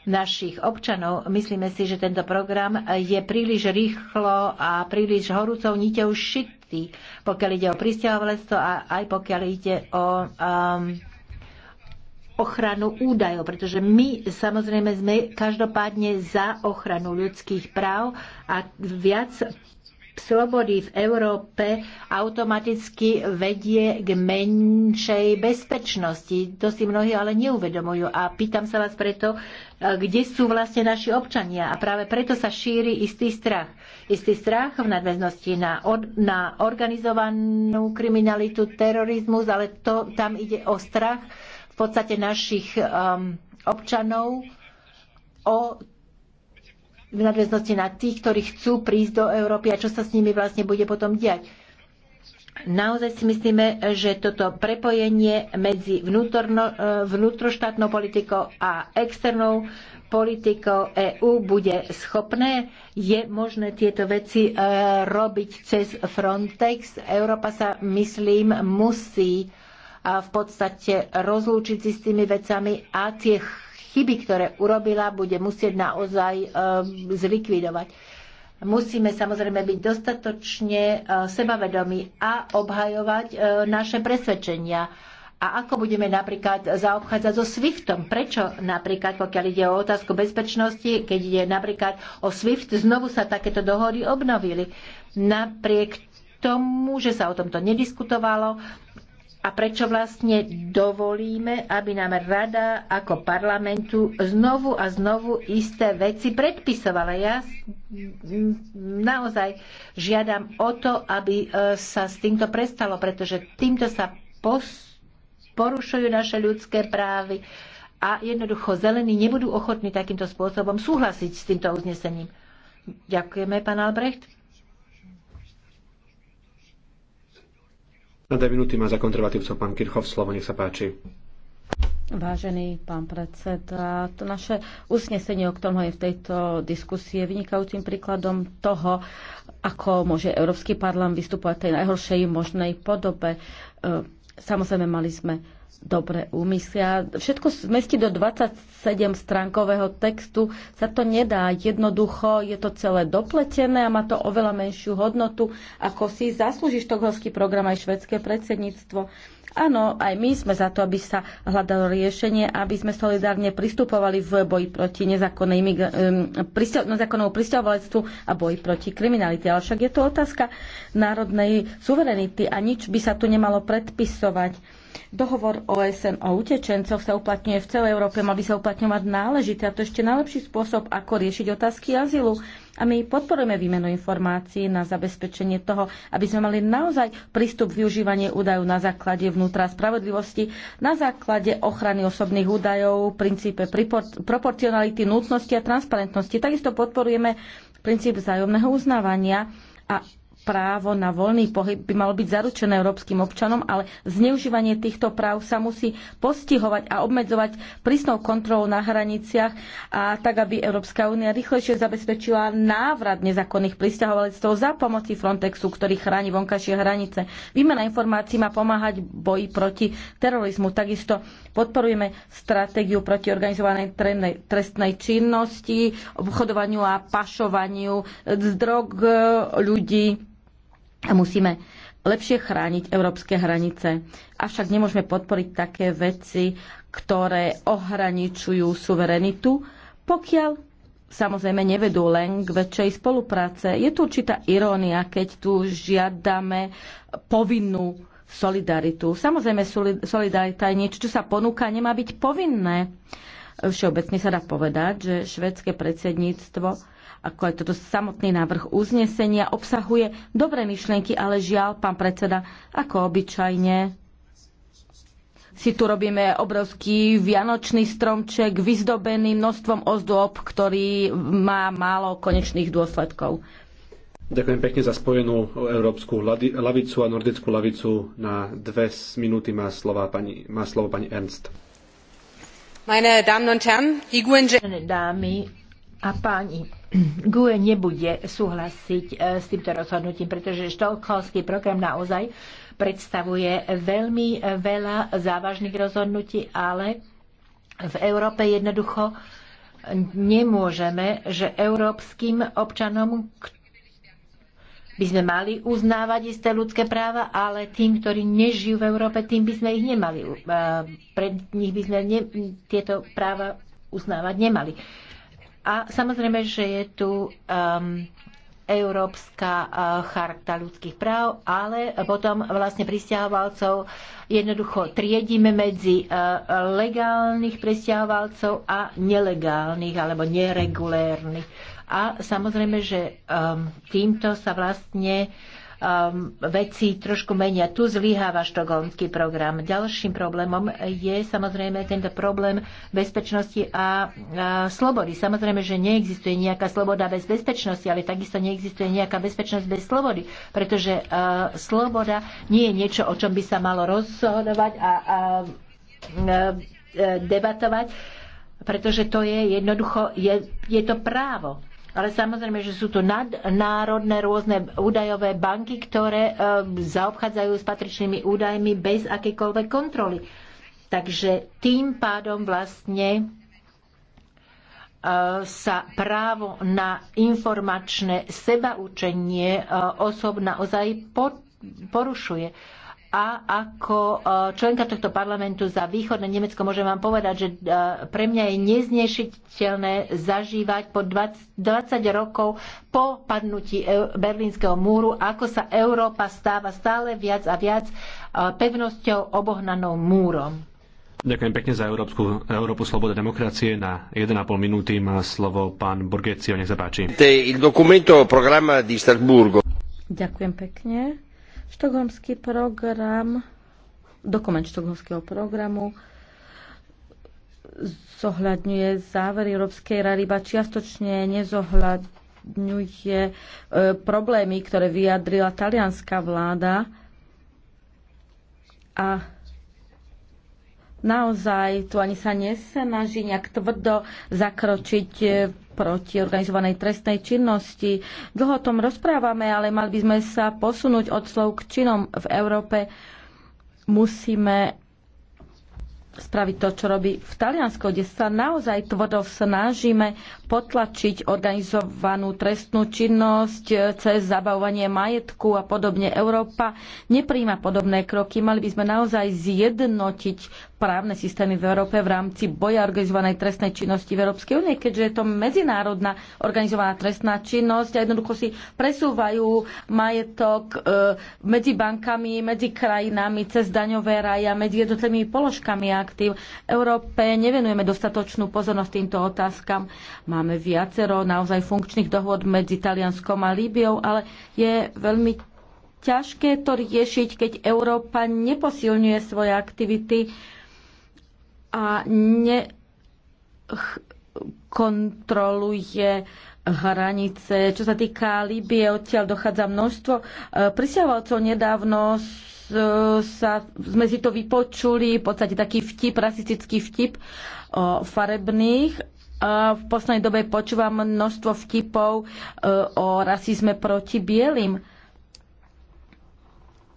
našich občanov. Myslíme si, že tento program je príliš rýchlo a príliš horúcou niteľ šitý, pokiaľ ide o pristahovalectvo a aj pokiaľ ide o um, ochranu údajov, pretože my samozrejme sme každopádne za ochranu ľudských práv a viac slobody v Európe automaticky vedie k menšej bezpečnosti. To si mnohí ale neuvedomujú a pýtam sa vás preto, kde sú vlastne naši občania a práve preto sa šíri istý strach. Istý strach v nadväznosti na, od, na organizovanú kriminalitu, terorizmus, ale to, tam ide o strach v podstate našich um, občanov o v nadväznosti na tých, ktorí chcú prísť do Európy a čo sa s nimi vlastne bude potom diať. Naozaj si myslíme, že toto prepojenie medzi vnútorno, e, vnútroštátnou politikou a externou politikou EÚ bude schopné. Je možné tieto veci e, robiť cez Frontex. Európa sa, myslím, musí v podstate rozlúčiť si s tými vecami a tie chyby, ktoré urobila, bude musieť naozaj eh, zlikvidovať. Musíme samozrejme byť dostatočne eh, sebavedomí a obhajovať eh, naše presvedčenia. A ako budeme napríklad zaobchádzať so SWIFTom? Prečo napríklad, pokiaľ ide o otázku bezpečnosti, keď ide napríklad o SWIFT, znovu sa takéto dohody obnovili? Napriek tomu, že sa o tomto nediskutovalo, a prečo vlastne dovolíme, aby nám rada ako parlamentu znovu a znovu isté veci predpisovala. Ja naozaj žiadam o to, aby e, sa s týmto prestalo, pretože týmto sa porušujú naše ľudské právy a jednoducho zelení nebudú ochotní takýmto spôsobom súhlasiť s týmto uznesením. Ďakujeme, pán Albrecht. Na dve minúty má za konzervatívcov pán Kirchhoff slovo, nech sa páči. Vážený pán predseda, to naše usnesenie, o ktorom je v tejto diskusii, je vynikajúcim príkladom toho, ako môže Európsky parlament vystupovať v tej najhoršej možnej podobe. E, samozrejme, mali sme dobre úmyslia. Všetko zmestiť do 27-stránkového textu sa to nedá. Jednoducho je to celé dopletené a má to oveľa menšiu hodnotu, ako si zaslúži štokholský program aj švedské predsedníctvo. Áno, aj my sme za to, aby sa hľadalo riešenie, aby sme solidárne pristupovali v boji proti nezákonnému pristahovalectvu a boji proti kriminalite. Ale však je to otázka národnej suverenity a nič by sa tu nemalo predpisovať Dohovor OSN o utečencoch sa uplatňuje v celej Európe, má by sa uplatňovať náležite a to ešte najlepší spôsob, ako riešiť otázky azylu. A my podporujeme výmenu informácií na zabezpečenie toho, aby sme mali naozaj prístup využívanie údajov na základe vnútra spravodlivosti, na základe ochrany osobných údajov, princípe proporcionality, nutnosti a transparentnosti. Takisto podporujeme princíp vzájomného uznávania a právo na voľný pohyb by malo byť zaručené európskym občanom, ale zneužívanie týchto práv sa musí postihovať a obmedzovať prísnou kontrolou na hraniciach a tak, aby Európska únia rýchlejšie zabezpečila návrat nezákonných pristahovalectov za pomoci Frontexu, ktorý chráni vonkajšie hranice. Výmena informácií má pomáhať boji proti terorizmu. Takisto podporujeme stratégiu proti organizovanej trestnej činnosti, obchodovaniu a pašovaniu z drog e, ľudí a musíme lepšie chrániť európske hranice. Avšak nemôžeme podporiť také veci, ktoré ohraničujú suverenitu, pokiaľ samozrejme nevedú len k väčšej spolupráce. Je tu určitá irónia, keď tu žiadame povinnú solidaritu. Samozrejme, solidarita je niečo, čo sa ponúka, nemá byť povinné. Všeobecne sa dá povedať, že švedské predsedníctvo ako aj toto samotný návrh uznesenia, obsahuje dobré myšlienky, ale žiaľ, pán predseda, ako obyčajne, si tu robíme obrovský vianočný stromček vyzdobený množstvom ozdôb, ktorý má málo konečných dôsledkov. Ďakujem pekne za spojenú európsku lavicu a nordickú lavicu. Na dve minúty má, slova pani, má slovo pani Ernst. Meine Damen und Herren, die Dámy a páni, GUE nebude súhlasiť e, s týmto rozhodnutím, pretože štokholský program naozaj predstavuje veľmi e, veľa závažných rozhodnutí, ale v Európe jednoducho nemôžeme, že európskym občanom by sme mali uznávať isté ľudské práva, ale tým, ktorí nežijú v Európe, tým by sme ich nemali. E, Pre nich by sme ne, tieto práva uznávať nemali. A samozrejme, že je tu um, Európska uh, charta ľudských práv, ale potom vlastne pristahovalcov jednoducho triedíme medzi uh, legálnych pristahovalcov a nelegálnych alebo neregulérnych. A samozrejme, že um, týmto sa vlastne um, veci trošku menia. Tu zlyháva štokholmský program. Ďalším problémom je samozrejme tento problém bezpečnosti a, a slobody. Samozrejme, že neexistuje nejaká sloboda bez bezpečnosti, ale takisto neexistuje nejaká bezpečnosť bez slobody, pretože uh, sloboda nie je niečo, o čom by sa malo rozhodovať a, a, a uh, debatovať, pretože to je jednoducho, je, je to právo ale samozrejme, že sú tu národné rôzne údajové banky, ktoré e, zaobchádzajú s patričnými údajmi bez akýkoľvek kontroly. Takže tým pádom vlastne e, sa právo na informačné sebaúčenie e, osob naozaj porušuje. A ako e, členka tohto parlamentu za východné Nemecko môžem vám povedať, že e, pre mňa je neznešiteľné zažívať po 20, 20 rokov po padnutí e, Berlínskeho múru, ako sa Európa stáva stále viac a viac pevnosťou obohnanou múrom. Ďakujem pekne za Európsku, Európu sloboda demokracie. Na 1,5 minúty má slovo pán Borgecio, nech sa páči. Ďakujem pekne. Štokholmský program, dokument štokholmského programu zohľadňuje závery Európskej rady, iba čiastočne nezohľadňuje e, problémy, ktoré vyjadrila talianská vláda. A naozaj tu ani sa nesnaží nejak tvrdo zakročiť e, proti organizovanej trestnej činnosti. Dlho o tom rozprávame, ale mali by sme sa posunúť od slov k činom v Európe. Musíme spraviť to, čo robí v Taliansku, kde sa naozaj tvrdo snažíme potlačiť organizovanú trestnú činnosť e, cez zabavovanie majetku a podobne. Európa nepríjma podobné kroky. Mali by sme naozaj zjednotiť právne systémy v Európe v rámci boja organizovanej trestnej činnosti v Európskej únie, keďže je to medzinárodná organizovaná trestná činnosť a jednoducho si presúvajú majetok e, medzi bankami, medzi krajinami, cez daňové raja, medzi jednotlivými položkami. A aktív. Európe nevenujeme dostatočnú pozornosť týmto otázkam. Máme viacero naozaj funkčných dohôd medzi Talianskom a Líbiou, ale je veľmi ťažké to riešiť, keď Európa neposilňuje svoje aktivity a ne kontroluje hranice. Čo sa týka Líbie, odtiaľ dochádza množstvo e, prisiavalcov. Nedávno e, sa, sme si to vypočuli, v podstate taký vtip, rasistický vtip o e, farebných. A v poslednej dobe počúvam množstvo vtipov o rasizme proti bielým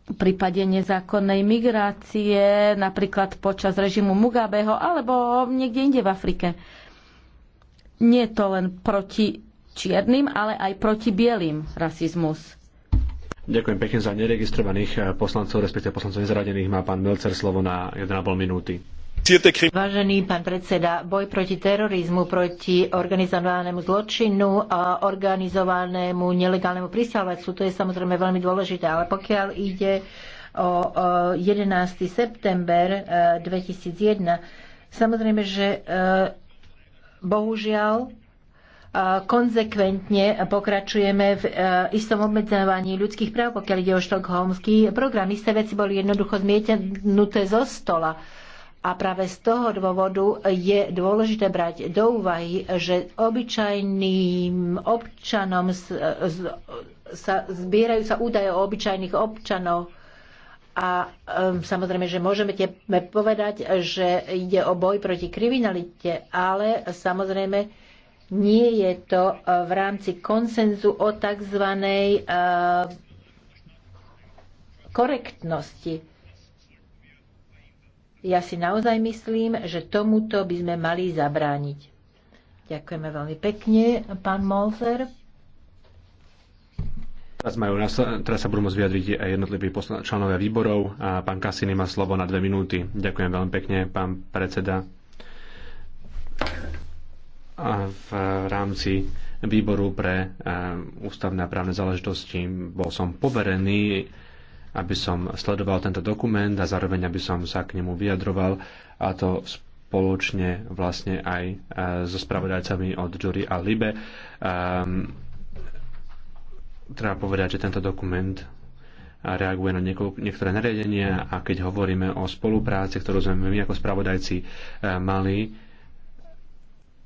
v prípade nezákonnej migrácie, napríklad počas režimu Mugabeho alebo niekde inde v Afrike. Nie je to len proti čiernym, ale aj proti bielým rasizmus. Ďakujem pekne za neregistrovaných eh, poslancov, respektive poslancov nezradených. Má pán Milcer slovo na 1,5 minúty. Vážený pán predseda, boj proti terorizmu, proti organizovanému zločinu a organizovanému nelegálnemu pristahovalectvu, to je samozrejme veľmi dôležité, ale pokiaľ ide o 11. september 2001, eh, samozrejme, že eh, bohužiaľ konzekventne pokračujeme v e, istom obmedzovaní ľudských práv, pokiaľ ide o štokholmský program. Isté veci boli jednoducho zmietenuté zo stola. A práve z toho dôvodu je dôležité brať do úvahy, že obyčajným občanom e, sa zbierajú sa údaje o obyčajných občanov a um, samozrejme, že môžeme povedať, že ide o boj proti kriminalite, ale samozrejme nie je to e, v rámci konsenzu o tzv. E, korektnosti. Ja si naozaj myslím, že tomuto by sme mali zabrániť. Ďakujeme veľmi pekne, pán Molzer. Teraz, majú, teraz sa budú môcť vyjadriť aj jednotliví členovia výborov a pán Kasiny má slovo na dve minúty. Ďakujem veľmi pekne, pán predseda v rámci výboru pre eh, ústavné a právne záležitosti bol som poverený, aby som sledoval tento dokument a zároveň aby som sa k nemu vyjadroval a to spoločne vlastne aj eh, so spravodajcami od Jury a Libe. Um, treba povedať, že tento dokument eh, reaguje na niektoré nariadenia a keď hovoríme o spolupráci, ktorú sme my ako spravodajci mali,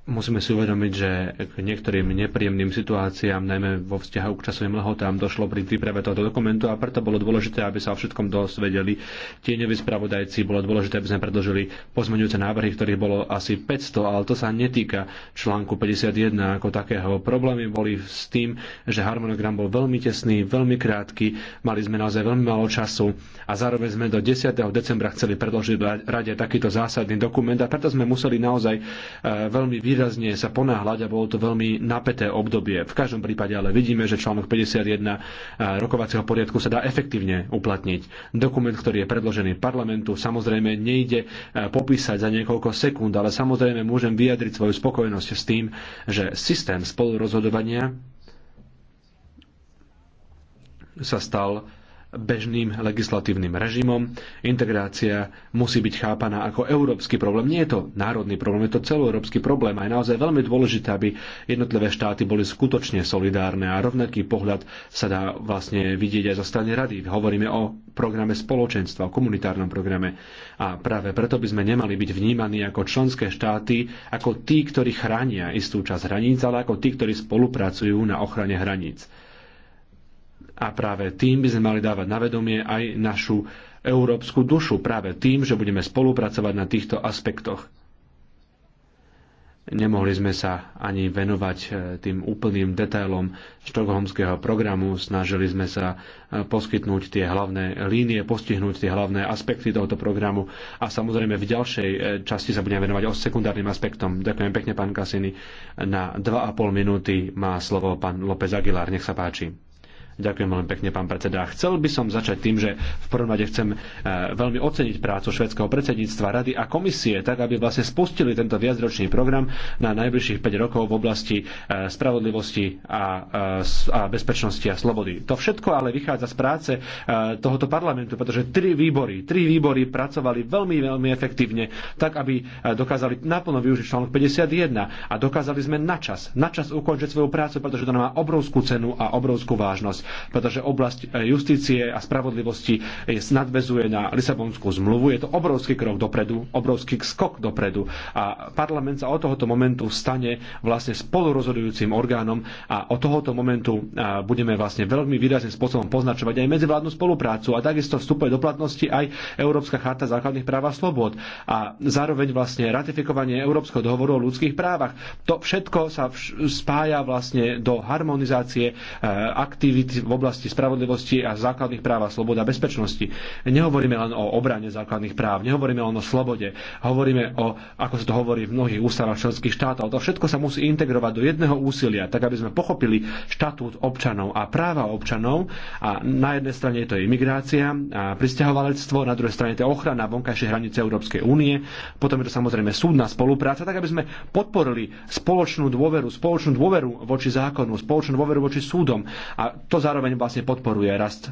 Musíme si uvedomiť, že k niektorým nepríjemným situáciám, najmä vo vzťahu k časovým lehotám, došlo pri príprave tohto dokumentu a preto bolo dôležité, aby sa o všetkom dosvedeli tieňoví spravodajci. Bolo dôležité, aby sme predložili pozmeňujúce návrhy, ktorých bolo asi 500, ale to sa netýka článku 51 ako takého. Problémy boli s tým, že harmonogram bol veľmi tesný, veľmi krátky, mali sme naozaj veľmi málo času a zároveň sme do 10. decembra chceli predložiť rade takýto zásadný dokument a preto sme museli naozaj e, veľmi výrazne sa ponáhľať a bolo to veľmi napäté obdobie. V každom prípade ale vidíme, že článok 51 eh, rokovacieho poriadku sa dá efektívne uplatniť. Dokument, ktorý je predložený parlamentu, samozrejme nejde eh, popísať za niekoľko sekúnd, ale samozrejme môžem vyjadriť svoju spokojnosť s tým, že systém spolurozhodovania sa stal bežným legislatívnym režimom. Integrácia musí byť chápaná ako európsky problém. Nie je to národný problém, je to celoeurópsky problém a je naozaj veľmi dôležité, aby jednotlivé štáty boli skutočne solidárne a rovnaký pohľad sa dá vlastne vidieť aj zo strany rady. Hovoríme o programe spoločenstva, o komunitárnom programe a práve preto by sme nemali byť vnímaní ako členské štáty, ako tí, ktorí chránia istú časť hraníc, ale ako tí, ktorí spolupracujú na ochrane hraníc. A práve tým by sme mali dávať na vedomie aj našu európsku dušu, práve tým, že budeme spolupracovať na týchto aspektoch. Nemohli sme sa ani venovať e, tým úplným detailom štokholmského programu, snažili sme sa e, poskytnúť tie hlavné línie, postihnúť tie hlavné aspekty tohoto programu a samozrejme v ďalšej e, časti sa budeme venovať o sekundárnym aspektom. Ďakujem pekne, pán Kasiny. Na 2,5 minúty má slovo pán López Aguilar. Nech sa páči. Ďakujem veľmi pekne, pán predseda. Chcel by som začať tým, že v prvom rade chcem e, veľmi oceniť prácu švedského predsedníctva Rady a komisie, tak aby vlastne spustili tento viacročný program na najbližších 5 rokov v oblasti e, spravodlivosti e, a, bezpečnosti a slobody. To všetko ale vychádza z práce tohoto parlamentu, pretože tri výbory, tri výbory pracovali veľmi, veľmi efektívne, tak aby dokázali naplno využiť článok 51 a dokázali sme načas, načas ukončiť svoju prácu, pretože to má obrovskú cenu a obrovskú vážnosť pretože oblasť e, justície a spravodlivosti nadvezuje na Lisabonskú zmluvu. Je to obrovský krok dopredu, obrovský skok dopredu a parlament sa od tohoto momentu stane vlastne spolurozhodujúcim orgánom a od tohoto momentu e, budeme vlastne veľmi výrazným spôsobom poznačovať aj medzivládnu spoluprácu a takisto vstupuje do platnosti aj Európska charta základných práv a slobod a zároveň vlastne ratifikovanie Európskeho dohovoru o ľudských právach. To všetko sa spája vlastne do harmonizácie e, aktivít v oblasti spravodlivosti a základných práv a slobod a bezpečnosti. Nehovoríme len o obrane základných práv, nehovoríme len o slobode, hovoríme o, ako sa to hovorí v mnohých ústavách členských štátov. To všetko sa musí integrovať do jedného úsilia, tak aby sme pochopili štatút občanov a práva občanov. A na jednej strane je to imigrácia a pristahovalectvo, na druhej strane je to ochrana vonkajšej hranice Európskej únie, potom je to samozrejme súdna spolupráca, tak aby sme podporili spoločnú dôveru, spoločnú dôveru voči zákonu, spoločnú dôveru voči súdom. A to zároveň vlastne podporuje rast e,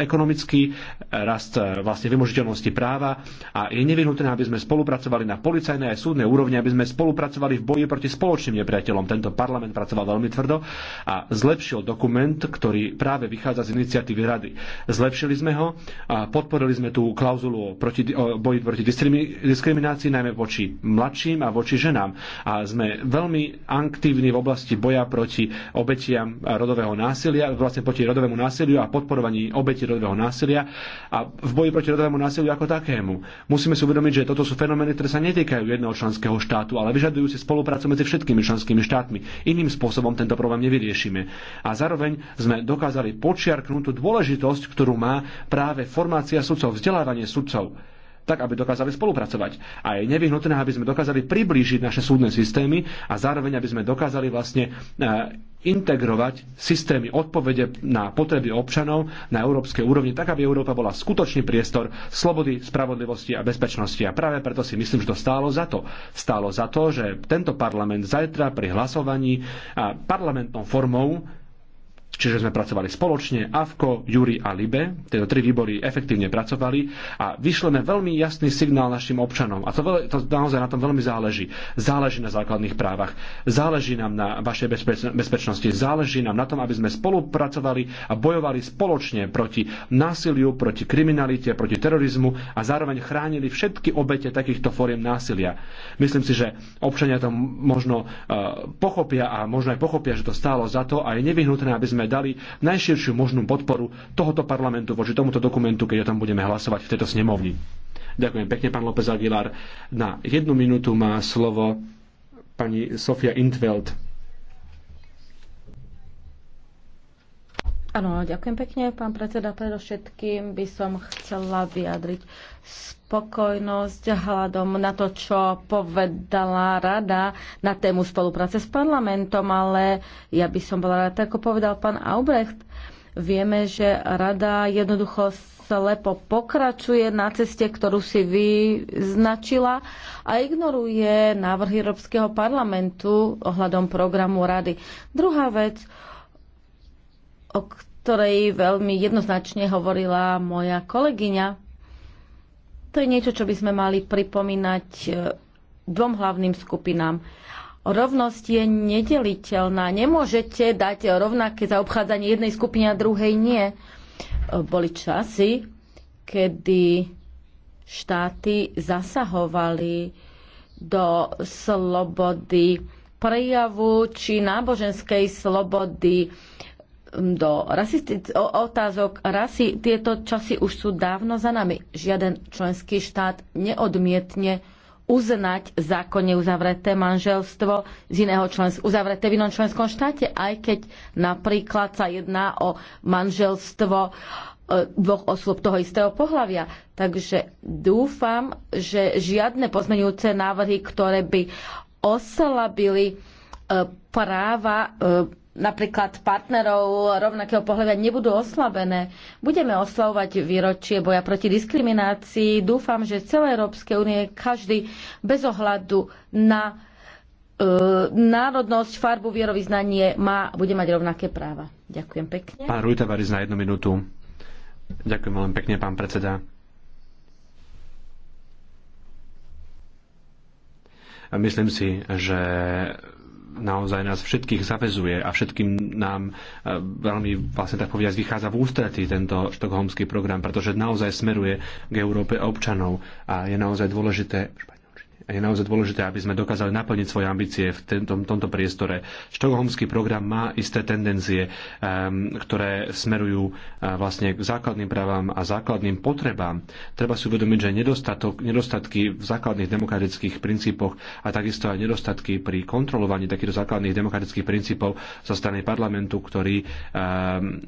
ekonomický, e, rast e, vlastne vymožiteľnosti práva a je nevyhnutné, aby sme spolupracovali na policajnej aj súdnej úrovni, aby sme spolupracovali v boji proti spoločným nepriateľom. Tento parlament pracoval veľmi tvrdo a zlepšil dokument, ktorý práve vychádza z iniciatívy rady. Zlepšili sme ho a podporili sme tú klauzulu o, proti, o boji proti diskriminácii, najmä voči mladším a voči ženám. A sme veľmi aktívni v oblasti boja proti obetiam rodového násilia, vlastne proti rodovému násiliu a podporovaní obeti rodového násilia a v boji proti rodovému násiliu ako takému. Musíme si uvedomiť, že toto sú fenomény, ktoré sa netýkajú jedného členského štátu, ale vyžadujú si spoluprácu medzi všetkými členskými štátmi. Iným spôsobom tento problém nevyriešime. A zároveň sme dokázali počiarknúť tú dôležitosť, ktorú má práve formácia sudcov, vzdelávanie sudcov tak aby dokázali spolupracovať. A je nevyhnutné, aby sme dokázali priblížiť naše súdne systémy a zároveň, aby sme dokázali vlastne eh, integrovať systémy odpovede na potreby občanov na európskej úrovni, tak aby Európa bola skutočný priestor slobody, spravodlivosti a bezpečnosti. A práve preto si myslím, že to stálo za to. Stálo za to, že tento parlament zajtra pri hlasovaní parlamentnou formou Čiže sme pracovali spoločne, AFKO, Juri a Libe, tieto tri výbory efektívne pracovali a vyšleme veľmi jasný signál našim občanom. A to, veľ, to naozaj na tom veľmi záleží. Záleží na základných právach, záleží nám na vašej bezpeč- bezpečnosti, záleží nám na tom, aby sme spolupracovali a bojovali spoločne proti násiliu, proti kriminalite, proti terorizmu a zároveň chránili všetky obete takýchto fóriem násilia. Myslím si, že občania to možno uh, pochopia a možno aj pochopia, že to stálo za to a je nevyhnutné, aby sme naozaj dali najširšiu možnú podporu tohoto parlamentu voči tomuto dokumentu, keď o tom budeme hlasovať v tejto snemovni. Ďakujem pekne, pán López Aguilar. Na jednu minútu má slovo pani Sofia Intveld. Áno, ďakujem pekne, pán predseda. Predovšetkým by som chcela vyjadriť spokojnosť hľadom na to, čo povedala rada na tému spolupráce s parlamentom, ale ja by som bola rada, ako povedal pán Albrecht, vieme, že rada jednoducho slepo pokračuje na ceste, ktorú si vyznačila a ignoruje návrhy Európskeho parlamentu ohľadom programu rady. Druhá vec, o ktorej veľmi jednoznačne hovorila moja kolegyňa, to je niečo, čo by sme mali pripomínať e, dvom hlavným skupinám. Rovnosť je nedeliteľná. Nemôžete dať rovnaké zaobchádzanie jednej skupiny a druhej nie. E, boli časy, kedy štáty zasahovali do slobody prejavu či náboženskej slobody do rasistic- otázok rasy, tieto časy už sú dávno za nami. Žiaden členský štát neodmietne uznať zákonne uzavreté manželstvo z iného člens- uzavreté v inom členskom štáte, aj keď napríklad sa jedná o manželstvo e, dvoch osôb toho istého pohľavia. Takže dúfam, že žiadne pozmeňujúce návrhy, ktoré by oslabili e, práva e, napríklad partnerov rovnakého pohľavia nebudú oslabené. Budeme oslavovať výročie boja proti diskriminácii. Dúfam, že celé Európskej únie každý bez ohľadu na e, národnosť, farbu, vierovýznanie má, bude mať rovnaké práva. Ďakujem pekne. Pán Rujtavaris na jednu minútu. Ďakujem veľmi pekne, pán predseda. Myslím si, že naozaj nás všetkých zavezuje a všetkým nám e, veľmi vlastne tak povedať vychádza v ústretí tento štokholmský program, pretože naozaj smeruje k Európe občanov a je naozaj dôležité je naozaj dôležité, aby sme dokázali naplniť svoje ambície v tento, tomto priestore. Štokholmský program má isté tendencie, um, ktoré smerujú uh, vlastne k základným právam a základným potrebám. Treba si uvedomiť, že nedostatok, nedostatky v základných demokratických princípoch a takisto aj nedostatky pri kontrolovaní takýchto základných demokratických princípov zo strany parlamentu, ktorý um,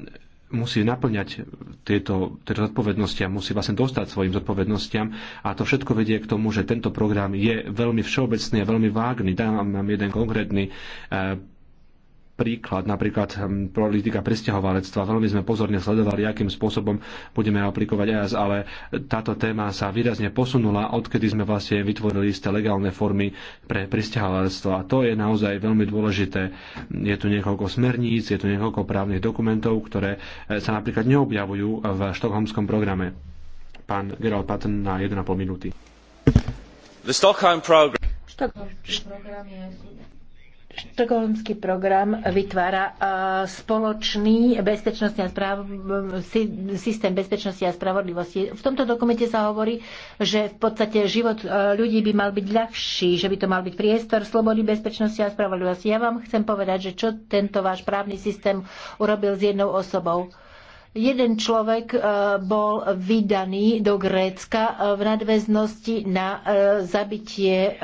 musí naplňať tieto, tieto zodpovednosti a musí vlastne dostať svojim zodpovednostiam. A to všetko vedie k tomu, že tento program je veľmi všeobecný a veľmi vágný. Dám vám jeden konkrétny eh, príklad, napríklad hm, politika presťahovalectva. Veľmi sme pozorne sledovali, akým spôsobom budeme aplikovať EAS, ale táto téma sa výrazne posunula, odkedy sme vlastne vytvorili isté legálne formy pre presťahovalectvo. A to je naozaj veľmi dôležité. Je tu niekoľko smerníc, je tu niekoľko právnych dokumentov, ktoré e, sa napríklad neobjavujú v štokholmskom programe. Pán Gerald Patton na 1,5 minúty. The Stockholm program. program je Štokholmský program vytvára e, spoločný bezpečnostný a správ, systém bezpečnosti a spravodlivosti. V tomto dokumente sa hovorí, že v podstate život e, ľudí by mal byť ľahší, že by to mal byť priestor slobody, bezpečnosti a spravodlivosti. Ja vám chcem povedať, že čo tento váš právny systém urobil s jednou osobou Jeden človek e, bol vydaný do Grécka e, v nadväznosti na e, zabitie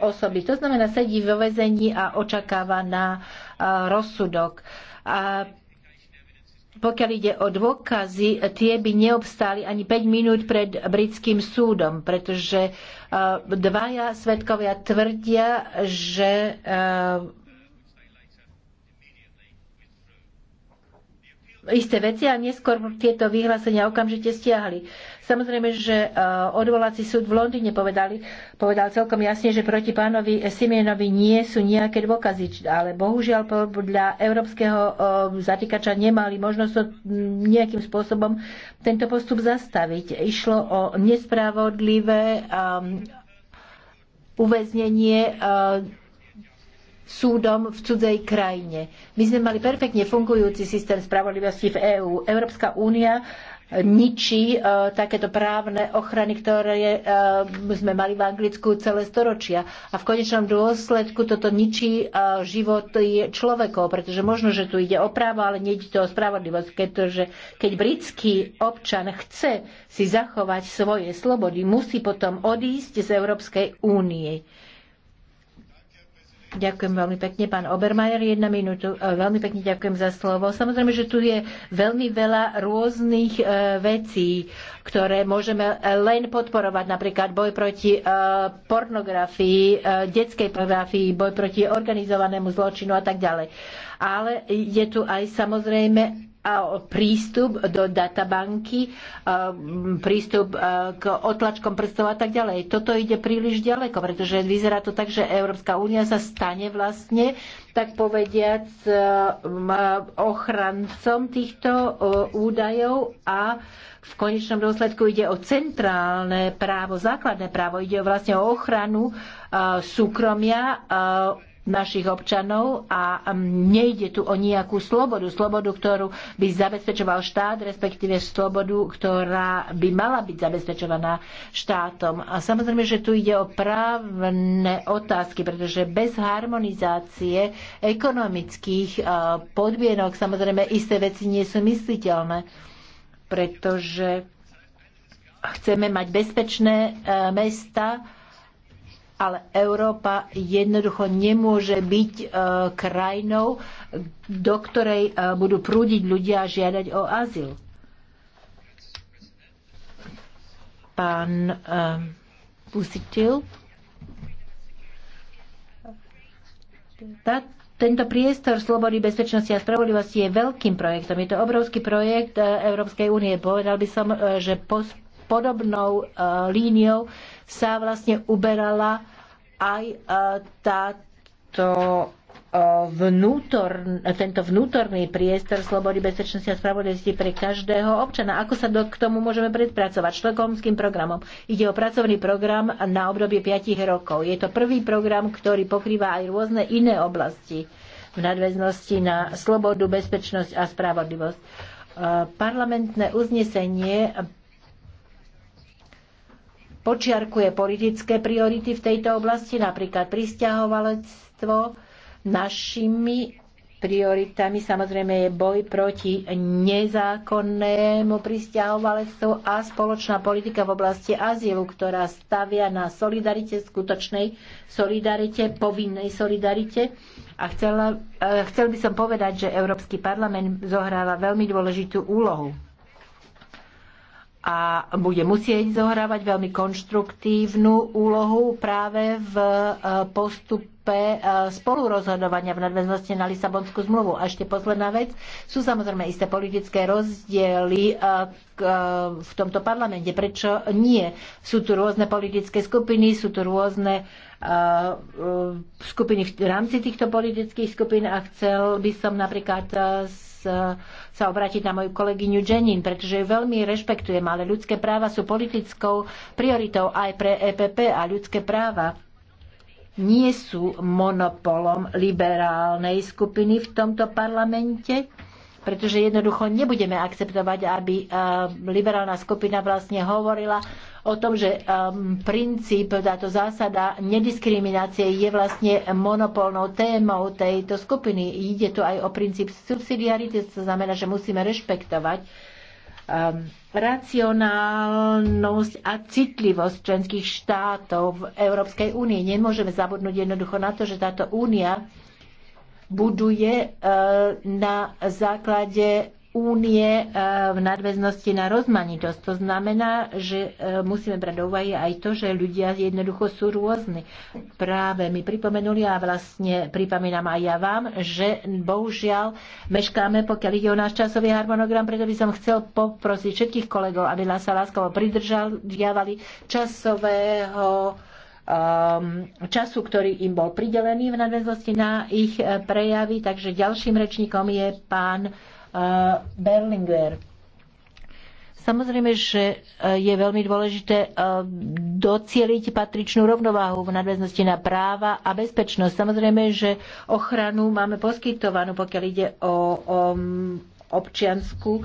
osoby. To znamená, sedí vo vezení a očakáva na rozsudok. A pokiaľ ide o dôkazy, tie by neobstáli ani 5 minút pred britským súdom, pretože dvaja svetkovia tvrdia, že isté veci a neskôr tieto vyhlásenia okamžite stiahli. Samozrejme, že e, odvolací súd v Londýne povedali, povedal celkom jasne, že proti pánovi Simienovi nie sú nejaké dôkazy, ale bohužiaľ podľa európskeho e, zatýkača nemali možnosť nejakým spôsobom tento postup zastaviť. Išlo o nespravodlivé e, uväznenie súdom v cudzej krajine. My sme mali perfektne fungujúci systém spravodlivosti v EÚ. Európska únia e, ničí uh, takéto právne ochrany, ktoré uh, sme mali v Anglicku celé storočia. A v konečnom dôsledku toto ničí uh, život človekov, pretože možno, že tu ide o právo, ale nie ide to o spravodlivosť, pretože keď britský občan chce si zachovať svoje slobody, musí potom odísť z Európskej únie Ďakujem veľmi pekne, pán Obermajer. Jedna minútu. E, veľmi pekne ďakujem za slovo. Samozrejme, že tu je veľmi veľa rôznych e, vecí, ktoré môžeme e, len podporovať. Napríklad boj proti pornografii, detskej pornografii, boj proti organizovanému zločinu a tak ďalej. Ale je tu aj samozrejme prístup do databanky, prístup k otlačkom prstov a tak ďalej. Toto ide príliš ďaleko, pretože vyzerá to tak, že Európska únia sa stane vlastne, tak povediac, ochrancom týchto údajov a v konečnom dôsledku ide o centrálne právo, základné právo, ide vlastne o ochranu súkromia našich občanov a nejde tu o nejakú slobodu, slobodu, ktorú by zabezpečoval štát, respektíve slobodu, ktorá by mala byť zabezpečovaná štátom. A samozrejme, že tu ide o právne otázky, pretože bez harmonizácie ekonomických e, podmienok samozrejme isté veci nie sú mysliteľné, pretože chceme mať bezpečné e, mesta, ale Európa jednoducho nemôže byť e, krajinou, do ktorej e, budú prúdiť ľudia a žiadať o azyl. Pán e, Pusitil. Tá, tento priestor slobody, bezpečnosti a spravodlivosti je veľkým projektom. Je to obrovský projekt Európskej únie. Povedal by som, že pos- podobnou e, líniou sa vlastne uberala aj e, táto e, vnútor, tento vnútorný priestor slobody, bezpečnosti a spravodlivosti pre každého občana. Ako sa do, k tomu môžeme predpracovať? Štokholmským programom. Ide o pracovný program na obdobie 5 rokov. Je to prvý program, ktorý pokrýva aj rôzne iné oblasti v nadväznosti na slobodu, bezpečnosť a spravodlivosť parlamentné uznesenie počiarkuje politické priority v tejto oblasti, napríklad pristahovalectvo. Našimi prioritami samozrejme je boj proti nezákonnému pristahovalectvu a spoločná politika v oblasti azylu, ktorá stavia na solidarite, skutočnej solidarite, povinnej solidarite. A chcela, eh, chcel by som povedať, že Európsky parlament zohráva veľmi dôležitú úlohu a bude musieť zohrávať veľmi konštruktívnu úlohu práve v e, postupe e, spolurozhodovania v nadväznosti na Lisabonskú zmluvu. A ešte posledná vec, sú samozrejme isté politické rozdiely e, v tomto parlamente. Prečo nie? Sú tu rôzne politické skupiny, sú tu rôzne skupiny v rámci týchto politických skupín a chcel by som napríklad sa obrátiť na moju kolegyňu Jenin, pretože ju veľmi rešpektujem, ale ľudské práva sú politickou prioritou aj pre EPP a ľudské práva nie sú monopolom liberálnej skupiny v tomto parlamente, pretože jednoducho nebudeme akceptovať, aby eh, liberálna skupina vlastne hovorila o tom, že um, princíp, táto zásada nediskriminácie je vlastne monopolnou témou tejto skupiny. Ide tu aj o princíp subsidiarity, to znamená, že musíme rešpektovať um, racionálnosť a citlivosť členských štátov v Európskej únii. Nemôžeme zabudnúť jednoducho na to, že táto únia buduje uh, na základe únie e, v nadväznosti na rozmanitosť. To znamená, že e, musíme brať do úvahy aj to, že ľudia jednoducho sú rôzni. Práve mi pripomenuli a vlastne pripomínam aj ja vám, že bohužiaľ meškáme, pokiaľ ide o náš časový harmonogram, preto by som chcel poprosiť všetkých kolegov, aby nás sa láskavo pridržali časového ehm, času, ktorý im bol pridelený v nadväznosti na ich e, prejavy. Takže ďalším rečníkom je pán Eh, Berlinger. Samozrejme, že eh, je veľmi dôležité eh, docieliť patričnú rovnováhu v nadväznosti na práva a bezpečnosť. Samozrejme, že ochranu máme poskytovanú, pokiaľ ide o, o mm, občiansku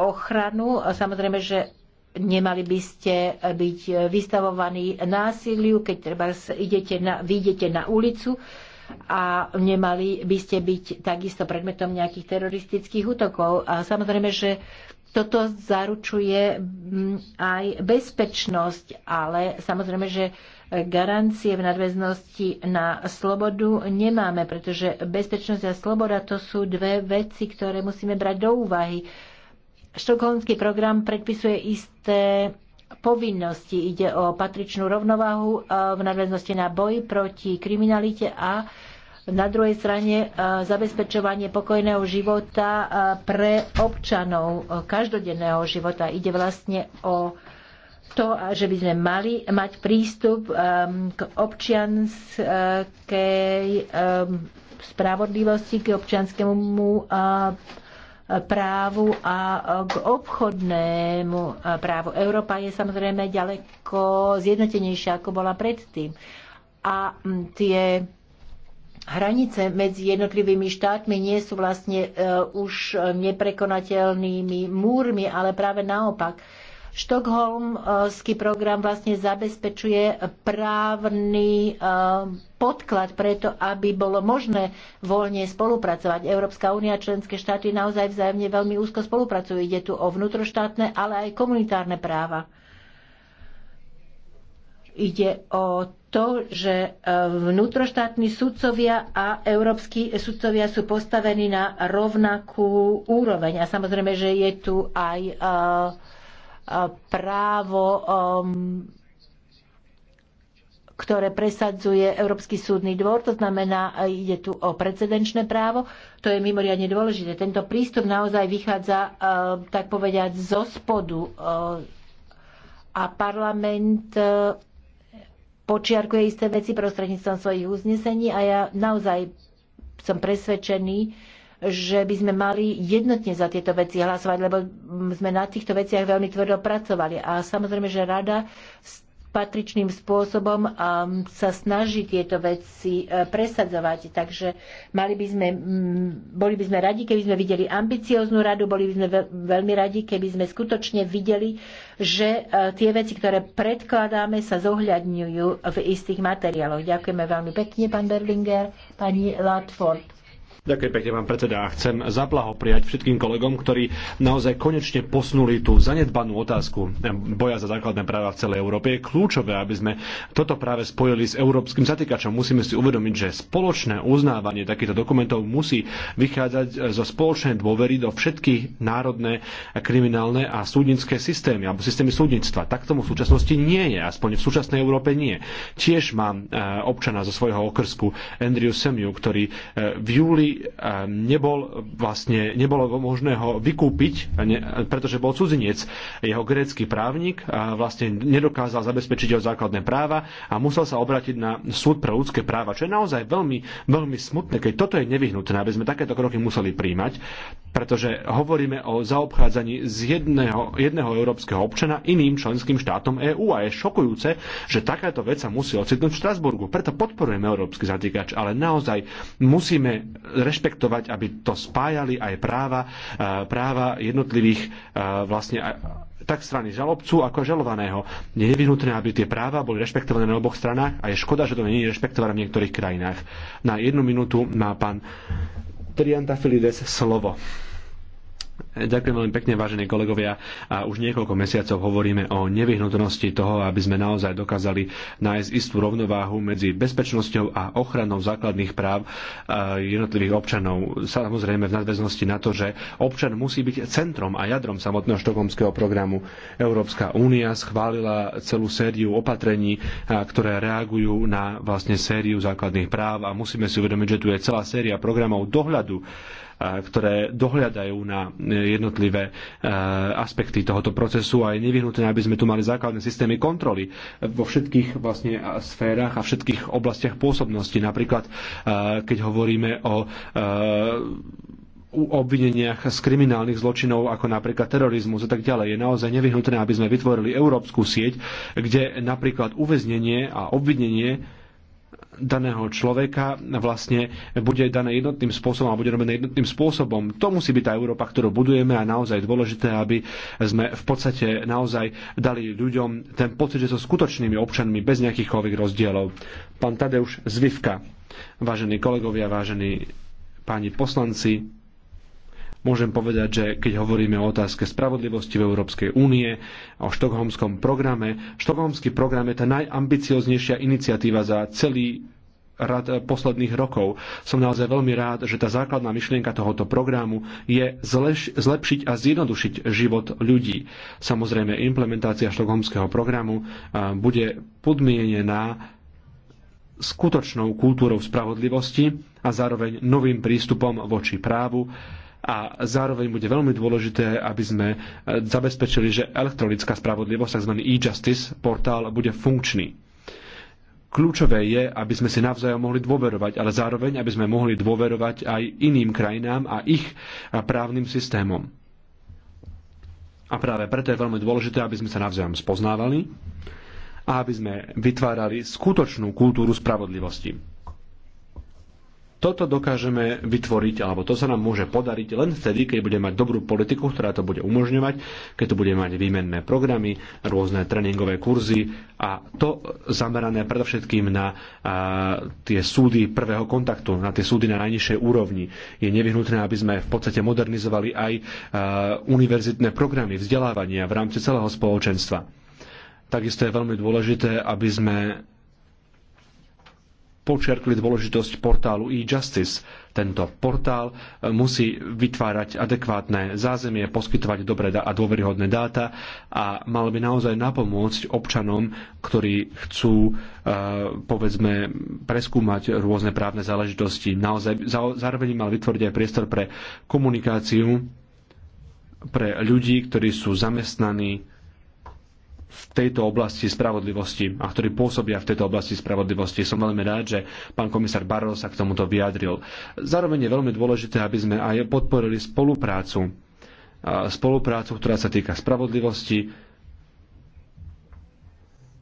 ochranu. Samozrejme, že nemali by ste byť vystavovaní násiliu, keď treba idete na, vyjdete na ulicu a nemali by ste byť takisto predmetom nejakých teroristických útokov. A samozrejme, že toto zaručuje mm, aj bezpečnosť, ale samozrejme, že garancie v nadväznosti na slobodu nemáme, pretože bezpečnosť a sloboda to sú dve veci, ktoré musíme brať do úvahy. Štokholmský program predpisuje isté povinnosti. Ide o patričnú rovnováhu e, v nadväznosti na boj proti kriminalite a na druhej strane e, zabezpečovanie pokojného života e, pre občanov každodenného života. Ide vlastne o to, že by sme mali mať prístup k občianskej spravodlivosti, k občianskému právu a k obchodnému právu. Európa je samozrejme ďaleko zjednotenejšia, ako bola predtým. A tie hranice medzi jednotlivými štátmi nie sú vlastne e, už neprekonateľnými múrmi, ale práve naopak Štokholmský program vlastne zabezpečuje právny eh, podklad preto, aby bolo možné voľne spolupracovať. Európska únia a členské štáty naozaj vzájomne veľmi úzko spolupracujú. Ide tu o vnútroštátne, ale aj komunitárne práva. Ide o to, že eh, vnútroštátni sudcovia a európsky sudcovia sú postavení na rovnakú úroveň. A samozrejme, že je tu aj uh, právo um, ktoré presadzuje Európsky súdny dvor, to znamená, ide tu o precedenčné právo, to je mimoriadne dôležité. Tento prístup naozaj vychádza, tak povediať, zo spodu a parlament e, počiarkuje isté veci prostredníctvom svojich uznesení a ja naozaj som presvedčený, že by sme mali jednotne za tieto veci hlasovať, lebo sme na týchto veciach veľmi tvrdo pracovali. A samozrejme, že rada s patričným spôsobom um, sa snaží tieto veci uh, presadzovať. Takže mali by sme, mm, boli by sme radi, keby sme videli ambicióznu radu, boli by sme veľmi radi, keby sme skutočne videli, že uh, tie veci, ktoré predkladáme, sa zohľadňujú v istých materiáloch. Ďakujeme veľmi pekne, pán Berlinger, pani Latford. Ďakujem pekne, pán predseda. Chcem zaplahopriať všetkým kolegom, ktorí naozaj konečne posunuli tú zanedbanú otázku boja za základné práva v celej Európe. Je kľúčové, aby sme toto práve spojili s európskym zatýkačom. Musíme si uvedomiť, že spoločné uznávanie takýchto dokumentov musí vychádzať zo spoločnej dôvery do všetky národné kriminálne a súdnické systémy alebo systémy súdnictva. Tak tomu v súčasnosti nie je, aspoň v súčasnej Európe nie. Tiež mám eh, občana zo svojho okrsku Andrew Semiu, ktorý eh, v júli ktorý nebol vlastne, nebolo možné ho vykúpiť, pretože bol cudzinec. Jeho grécky právnik vlastne nedokázal zabezpečiť jeho základné práva a musel sa obrátiť na súd pre ľudské práva, čo je naozaj veľmi, veľmi smutné, keď toto je nevyhnutné, aby sme takéto kroky museli príjmať, pretože hovoríme o zaobchádzaní z jedného, jedného európskeho občana iným členským štátom EÚ a je šokujúce, že takáto vec sa musí ocitnúť v Štrasburgu. Preto podporujeme európsky zatýkač, ale naozaj musíme rešpektovať, aby to spájali aj práva, e, práva jednotlivých e, vlastne e, tak strany žalobcu ako žalovaného. Je nevyhnutné, aby tie práva boli rešpektované na oboch stranách a je škoda, že to nie je rešpektované v niektorých krajinách. Na jednu minútu má pán Triantafilides slovo. Ďakujem veľmi pekne, vážení kolegovia. A už niekoľko mesiacov hovoríme o nevyhnutnosti toho, aby sme naozaj dokázali nájsť istú rovnováhu medzi bezpečnosťou a ochranou základných práv jednotlivých občanov. Samozrejme v nadväznosti na to, že občan musí byť centrom a jadrom samotného štokomského programu. Európska únia schválila celú sériu opatrení, ktoré reagujú na vlastne sériu základných práv a musíme si uvedomiť, že tu je celá séria programov dohľadu ktoré dohľadajú na e, jednotlivé e, aspekty tohoto procesu a je nevyhnutné, aby sme tu mali základné systémy kontroly vo všetkých vlastne sférach a všetkých oblastiach pôsobnosti. Napríklad, e, keď hovoríme o obvineniach z kriminálnych zločinov, ako napríklad terorizmus a tak ďalej, je naozaj nevyhnutné, aby sme vytvorili európsku sieť, kde napríklad uväznenie a obvinenie daného človeka vlastne bude dané jednotným spôsobom a bude robené jednotným spôsobom. To musí byť tá Európa, ktorú budujeme a naozaj dôležité, aby sme v podstate naozaj dali ľuďom ten pocit, že sú skutočnými občanmi bez nejakýchkoľvek rozdielov. Pán Tadeuš Zvivka, vážení kolegovia, vážení páni poslanci, môžem povedať, že keď hovoríme o otázke spravodlivosti v Európskej únie, o štokholmskom programe, štokholmský program je tá najambicioznejšia iniciatíva za celý rad eh, posledných rokov. Som naozaj veľmi rád, že tá základná myšlienka tohoto programu je zleš, zlepšiť a zjednodušiť život ľudí. Samozrejme, implementácia štokholmského programu eh, bude podmienená skutočnou kultúrou spravodlivosti a zároveň novým prístupom voči právu, a zároveň bude veľmi dôležité, aby sme e, zabezpečili, že elektronická spravodlivosť, tzv. e-justice portál, bude funkčný. Kľúčové je, aby sme si navzájom mohli dôverovať, ale zároveň, aby sme mohli dôverovať aj iným krajinám a ich právnym systémom. A práve preto je veľmi dôležité, aby sme sa navzájom spoznávali a aby sme vytvárali skutočnú kultúru spravodlivosti. Toto dokážeme vytvoriť, alebo to sa nám môže podariť len vtedy, keď budeme mať dobrú politiku, ktorá to bude umožňovať, keď tu budeme mať výmenné programy, rôzne tréningové kurzy a to zamerané predovšetkým na a, tie súdy prvého kontaktu, na tie súdy na najnižšej úrovni. Je nevyhnutné, aby sme v podstate modernizovali aj a, univerzitné programy vzdelávania v rámci celého spoločenstva. Takisto je veľmi dôležité, aby sme počerkli dôležitosť portálu e-justice. Tento portál e, musí vytvárať adekvátne zázemie, poskytovať dobré a dôveryhodné dáta a mal by naozaj napomôcť občanom, ktorí chcú e, povedzme preskúmať rôzne právne záležitosti. Naozaj, zároveň mal vytvoriť aj priestor pre komunikáciu pre ľudí, ktorí sú zamestnaní v tejto oblasti spravodlivosti a ktorí pôsobia v tejto oblasti spravodlivosti. Som veľmi rád, že pán komisár Barros sa k tomuto vyjadril. Zároveň je veľmi dôležité, aby sme aj podporili spoluprácu. Spoluprácu, ktorá sa týka spravodlivosti,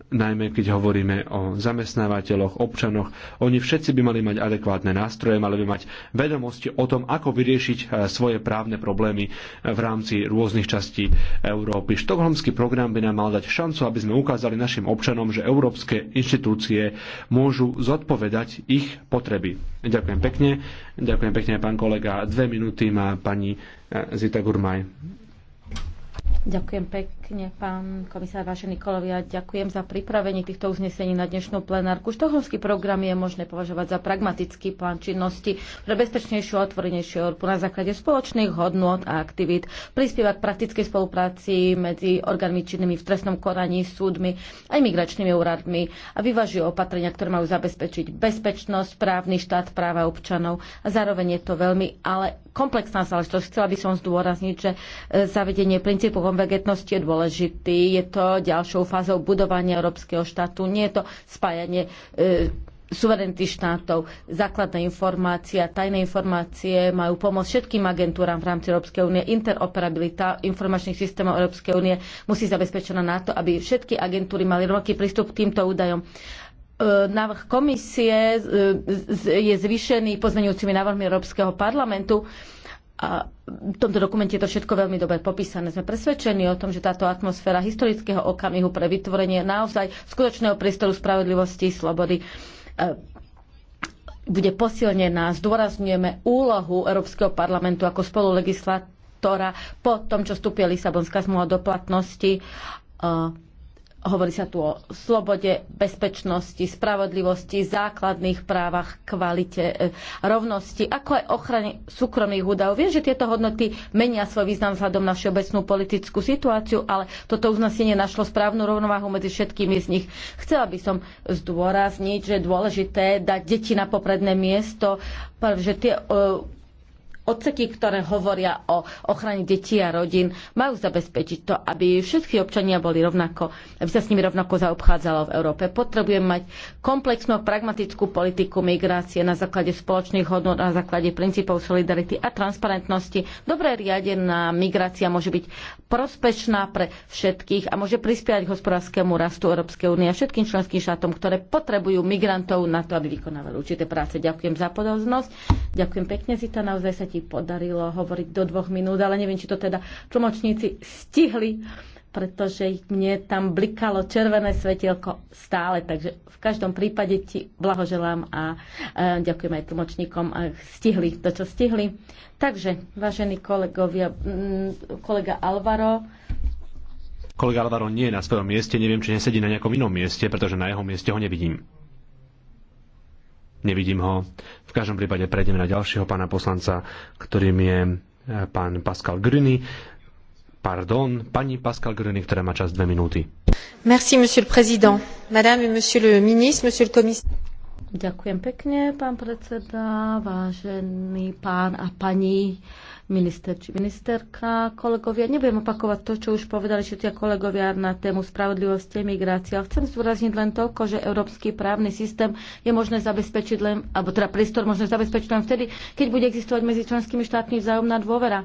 najmä keď hovoríme o zamestnávateľoch, občanoch. Oni všetci by mali mať adekvátne nástroje, mali by mať vedomosti o tom, ako vyriešiť e, svoje právne problémy e, v rámci rôznych častí Európy. Štokholmský program by nám mal dať šancu, aby sme ukázali našim občanom, že európske inštitúcie môžu zodpovedať ich potreby. Ďakujem pekne. Ďakujem pekne, pán kolega. Dve minúty má pani e, Zita Gurmaj. Ďakujem pekne pekne, pán komisár, vážení kolovia. Ďakujem za pripravenie týchto uznesení na dnešnú plenárku. Štokholmský program je možné považovať za pragmatický plán činnosti pre bezpečnejšiu a otvorenejšiu Európu na základe spoločných hodnôt a aktivít. Prispieva k praktickej spolupráci medzi orgánmi činnými v trestnom konaní, súdmi a imigračnými úradmi a vyvažuje opatrenia, ktoré majú zabezpečiť bezpečnosť, právny štát, práva občanov a zároveň je to veľmi ale komplexná záležitosť. Chcela by som zdôrazniť, že zavedenie princípu konvergentnosti je dôležité dôležitý. Je to ďalšou fázou budovania európskeho štátu. Nie je to spájanie e, suverenity štátov, základné informácie a tajné informácie majú pomôcť všetkým agentúram v rámci Európskej únie. Interoperabilita informačných systémov Európskej únie musí zabezpečená na to, aby všetky agentúry mali rovnaký prístup k týmto údajom e, návrh komisie e, je zvýšený pozmeňujúcimi návrhmi Európskeho parlamentu a v tomto dokumente je to všetko veľmi dobre popísané. Sme presvedčení o tom, že táto atmosféra historického okamihu pre vytvorenie naozaj skutočného priestoru spravodlivosti, slobody e, bude posilnená. Zdôrazňujeme úlohu Európskeho parlamentu ako spolulegislátora po tom, čo vstúpia Lisabonská zmluva do platnosti. E, Hovorí sa tu o slobode, bezpečnosti, spravodlivosti, základných právach, kvalite, e, rovnosti, ako aj ochrane súkromných údajov. Viem, že tieto hodnoty menia svoj význam vzhľadom na všeobecnú politickú situáciu, ale toto uznesenie našlo správnu rovnováhu medzi všetkými z nich. Chcela by som zdôrazniť, že je dôležité dať deti na popredné miesto, pretože tie e, odseky, ktoré hovoria o ochrane detí a rodín, majú zabezpečiť to, aby všetky občania boli rovnako, aby sa s nimi rovnako zaobchádzalo v Európe. Potrebujeme mať komplexnú a pragmatickú politiku migrácie na základe spoločných hodnot, na základe princípov solidarity a transparentnosti. Dobre riadená migrácia môže byť prospešná pre všetkých a môže prispievať k hospodárskému rastu Európskej únie a všetkým členským štátom, ktoré potrebujú migrantov na to, aby vykonávali určité práce. Ďakujem za pozornosť. Ďakujem pekne, Zita, naozaj sa ti ti podarilo hovoriť do dvoch minút, ale neviem, či to teda tlmočníci stihli, pretože mne tam blikalo červené svetielko stále. Takže v každom prípade ti blahoželám a e, ďakujem aj tlmočníkom, a e, stihli to, čo stihli. Takže, vážení kolegovia, mm, kolega Alvaro, Kolega Alvaro nie je na svojom mieste, neviem, či nesedí na nejakom inom mieste, pretože na jeho mieste ho nevidím. Nevidím ho. V každom prípade prejdeme na ďalšieho pána poslanca, ktorým je eh, pán Pascal Gruny. Pardon, pani Pascal Gruny, ktorá má čas dve minúty. Merci, monsieur le président. Madame et monsieur le ministre, monsieur le commissaire. Ďakujem pekne, pán predseda, vážený pán a pani uh, minister či ministerka, kolegovia. Nebudem opakovať to, čo už povedali všetci kolegovia na tému spravodlivosti a migrácie, ale chcem zdôrazniť len toľko, že európsky právny systém je možné zabezpečiť len, alebo teda priestor možné zabezpečiť len vtedy, keď bude existovať medzi členskými štátmi vzájomná dôvera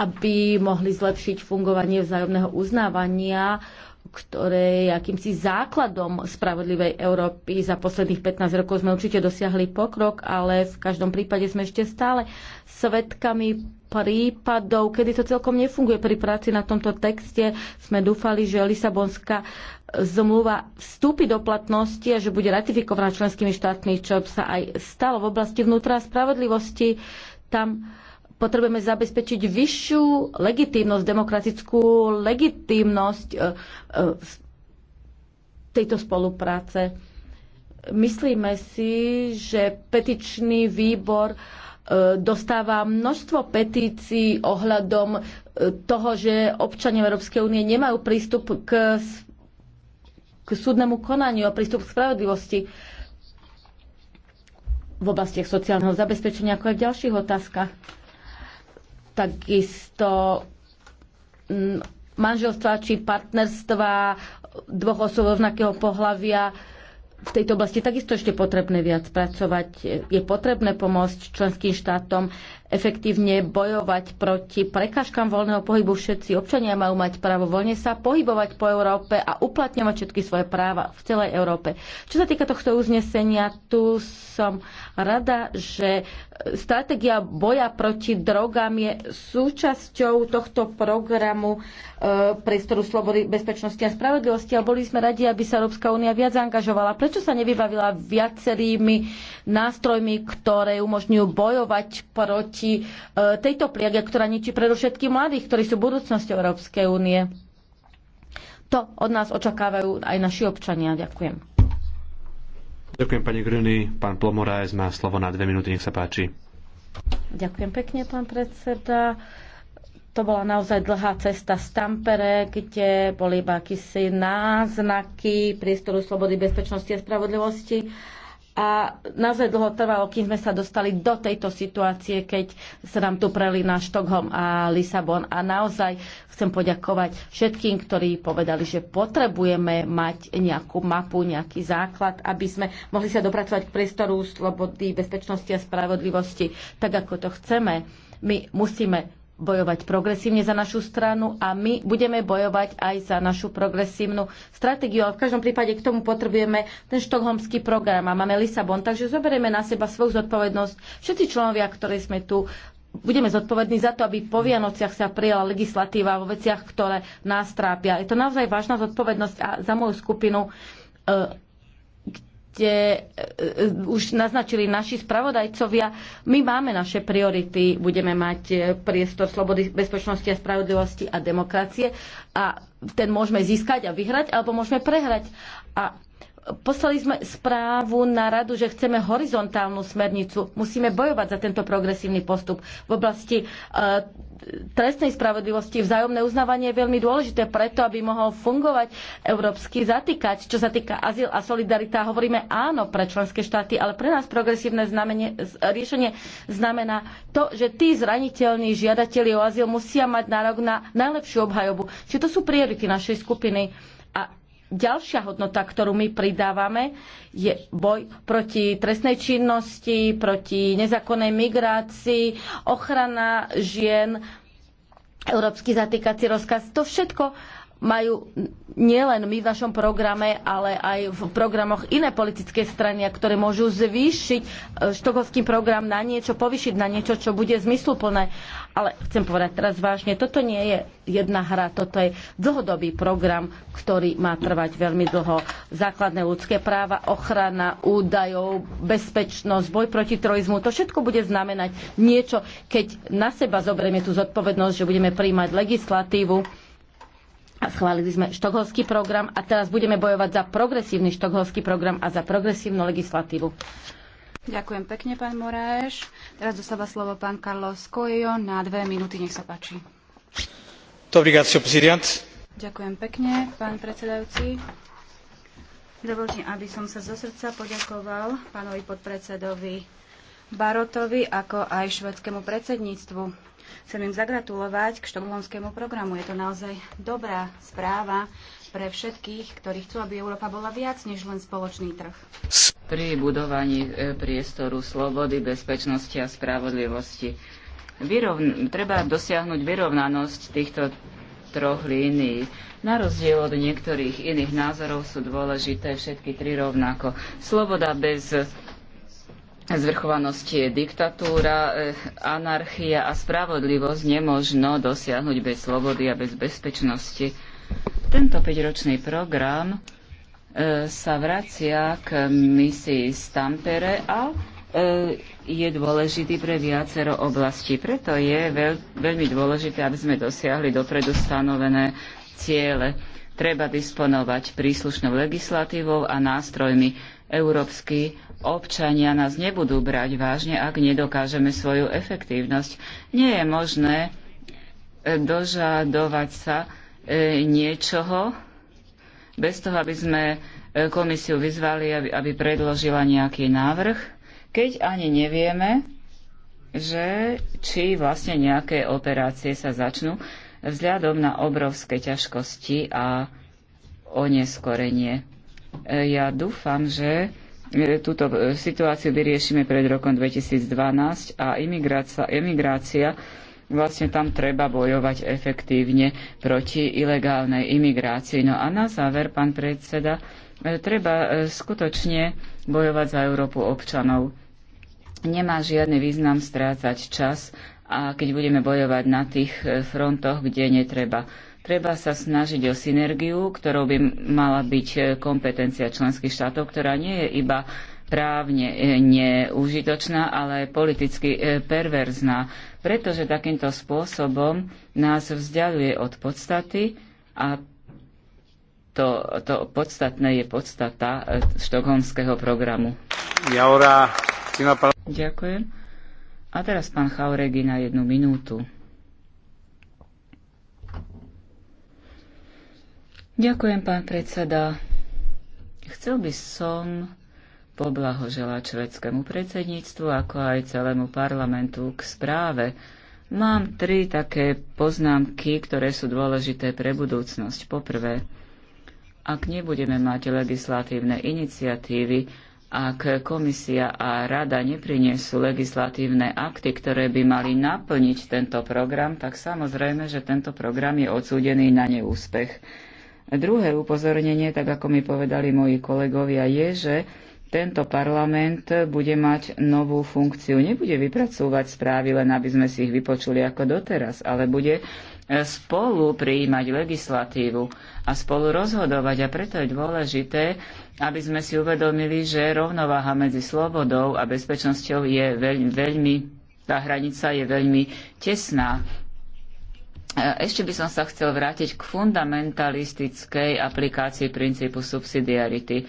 aby mohli zlepšiť fungovanie vzájomného uznávania ktoré je akýmsi základom spravodlivej Európy. Za posledných 15 rokov sme určite dosiahli pokrok, ale v každom prípade sme ešte stále svetkami prípadov, kedy to celkom nefunguje pri práci na tomto texte. Sme dúfali, že Lisabonská zmluva vstúpi do platnosti a že bude ratifikovaná členskými štátmi, čo sa aj stalo v oblasti vnútra a spravodlivosti. Tam potrebujeme zabezpečiť vyššiu legitímnosť, demokratickú legitímnosť e, e, tejto spolupráce. Myslíme si, že petičný výbor e, dostáva množstvo petícií ohľadom toho, že občania Európskej únie nemajú prístup k, k súdnemu konaniu a prístup k spravodlivosti v oblastiach sociálneho zabezpečenia, ako aj v ďalších otázkach takisto mm, manželstva či partnerstva dvoch osôb rovnakého pohľavia. V tejto oblasti takisto ešte potrebné viac pracovať. Je potrebné pomôcť členským štátom efektívne bojovať proti prekážkam voľného pohybu. Všetci občania majú mať právo voľne sa pohybovať po Európe a uplatňovať všetky svoje práva v celej Európe. Čo sa týka tohto uznesenia, tu som rada, že stratégia boja proti drogám je súčasťou tohto programu e, priestoru slobody, bezpečnosti a spravodlivosti a boli sme radi, aby sa Európska únia viac angažovala. Prečo sa nevybavila viacerými nástrojmi, ktoré umožňujú bojovať proti proti e, tejto pliage, ktorá ničí predovšetkým mladých, ktorí sú budúcnosťou Európskej únie. To od nás očakávajú aj naši občania. Ďakujem. Ďakujem pani Gruny. Pán Plomorajs má slovo na dve minúty, nech sa páči. Ďakujem pekne, pán predseda to bola naozaj dlhá cesta z Tampere, kde boli iba akýsi náznaky priestoru slobody, bezpečnosti a spravodlivosti a naozaj dlho trvalo, kým sme sa dostali do tejto situácie, keď sa nám tu preli na Štokholm a Lisabon. A naozaj chcem poďakovať všetkým, ktorí povedali, že potrebujeme mať nejakú mapu, nejaký základ, aby sme mohli sa dopracovať k priestoru slobody, bezpečnosti a spravodlivosti tak, ako to chceme. My musíme bojovať progresívne za našu stranu a my budeme bojovať aj za našu progresívnu stratégiu. Ale v každom prípade k tomu potrebujeme ten štokholmský program a máme Lisabon, takže zoberieme na seba svoju zodpovednosť. Všetci členovia, ktorí sme tu, budeme zodpovední za to, aby po Vianociach sa prijala legislatíva vo veciach, ktoré nás trápia. Je to naozaj vážna zodpovednosť a za moju skupinu e, ste e, e, už naznačili naši spravodajcovia. My máme naše priority, budeme mať e, priestor slobody, bezpečnosti a spravodlivosti a demokracie a ten môžeme získať a vyhrať, alebo môžeme prehrať. A poslali sme správu na radu, že chceme horizontálnu smernicu. Musíme bojovať za tento progresívny postup v oblasti trestnej spravodlivosti. Vzájomné uznávanie je veľmi dôležité preto, aby mohol fungovať európsky zatýkač. Čo sa týka azyl a solidarita, hovoríme áno pre členské štáty, ale pre nás progresívne znamenie, riešenie znamená to, že tí zraniteľní žiadatelia o azyl musia mať nárok na najlepšiu obhajobu. Čiže to sú priority našej skupiny. A ďalšia hodnota, ktorú my pridávame, je boj proti trestnej činnosti, proti nezákonnej migrácii, ochrana žien európsky zatýkací rozkaz. To všetko majú nielen my v našom programe, ale aj v programoch iné politické strany, ktoré môžu zvýšiť e, štokovský program na niečo, povyšiť na niečo, čo bude zmysluplné. Ale chcem povedať teraz vážne, toto nie je jedna hra, toto je dlhodobý program, ktorý má trvať veľmi dlho. Základné ľudské práva, ochrana údajov, bezpečnosť, boj proti trojizmu, to všetko bude znamenať niečo, keď na seba zoberieme tú zodpovednosť, že budeme príjmať legislatívu, a schválili sme štokholský program a teraz budeme bojovať za progresívny štokholský program a za progresívnu legislatívu. Ďakujem pekne, pán Moraeš. Teraz dostáva slovo pán Carlos Coelho na dve minúty, nech sa páči. Ďakujem pekne, pán predsedajúci. Dovolte, aby som sa zo srdca poďakoval pánovi podpredsedovi Barotovi, ako aj švedskému predsedníctvu Chcem im zagratulovať k štokholmskému programu. Je to naozaj dobrá správa pre všetkých, ktorí chcú, aby Európa bola viac než len spoločný trh. Pri budovaní e, priestoru slobody, bezpečnosti a spravodlivosti Vyrovn- treba dosiahnuť vyrovnanosť týchto troch línií. Na rozdiel od niektorých iných názorov sú dôležité všetky tri rovnako. Sloboda bez zvrchovanosť je diktatúra, eh, anarchia a spravodlivosť nemožno dosiahnuť bez slobody a bez bezpečnosti. Tento 5-ročný program eh, sa vracia k misii Stampere a eh, je dôležitý pre viacero oblastí. Preto je veľ, veľmi dôležité, aby sme dosiahli dopredu stanovené ciele. Treba disponovať príslušnou legislatívou a nástrojmi. Európsky občania nás nebudú brať vážne, ak nedokážeme svoju efektívnosť. Nie je možné e, dožadovať sa e, niečoho bez toho, aby sme e, komisiu vyzvali, aby predložila nejaký návrh, keď ani nevieme, že či vlastne nejaké operácie sa začnú vzhľadom na obrovské ťažkosti a oneskorenie. Ja dúfam, že E, túto e, situáciu vyriešime pred rokom 2012 a imigrácia, imigrácia vlastne tam treba bojovať efektívne proti ilegálnej imigrácii. No a na záver, pán predseda, e, treba skutočne bojovať za Európu občanov. Nemá žiadny význam strácať čas a keď budeme bojovať na tých frontoch, kde netreba. Treba sa snažiť o synergiu, ktorou by mala byť e, kompetencia členských štátov, ktorá nie je iba právne e, neužitočná, ale aj politicky e, perverzná, pretože takýmto spôsobom nás vzdialuje od podstaty a to, to podstatné je podstata štokholmského programu. Ďakujem. A teraz pán Chauregi na jednu minútu. Ďakujem, pán predseda. Chcel by som poblahoželať švedskému predsedníctvu, ako aj celému parlamentu k správe. Mám tri také poznámky, ktoré sú dôležité pre budúcnosť. Poprvé, ak nebudeme mať legislatívne iniciatívy, ak komisia a rada neprinesú legislatívne akty, ktoré by mali naplniť tento program, tak samozrejme, že tento program je odsúdený na neúspech. Druhé upozornenie, tak ako mi povedali moji kolegovia, je, že tento parlament bude mať novú funkciu. Nebude vypracúvať správy len, aby sme si ich vypočuli ako doteraz, ale bude e, spolu prijímať legislatívu a spolu rozhodovať. A preto je dôležité, aby sme si uvedomili, že rovnováha medzi slobodou a bezpečnosťou je veľmi, veľmi tá hranica je veľmi tesná. E, ešte by som sa chcel vrátiť k fundamentalistickej aplikácii princípu subsidiarity.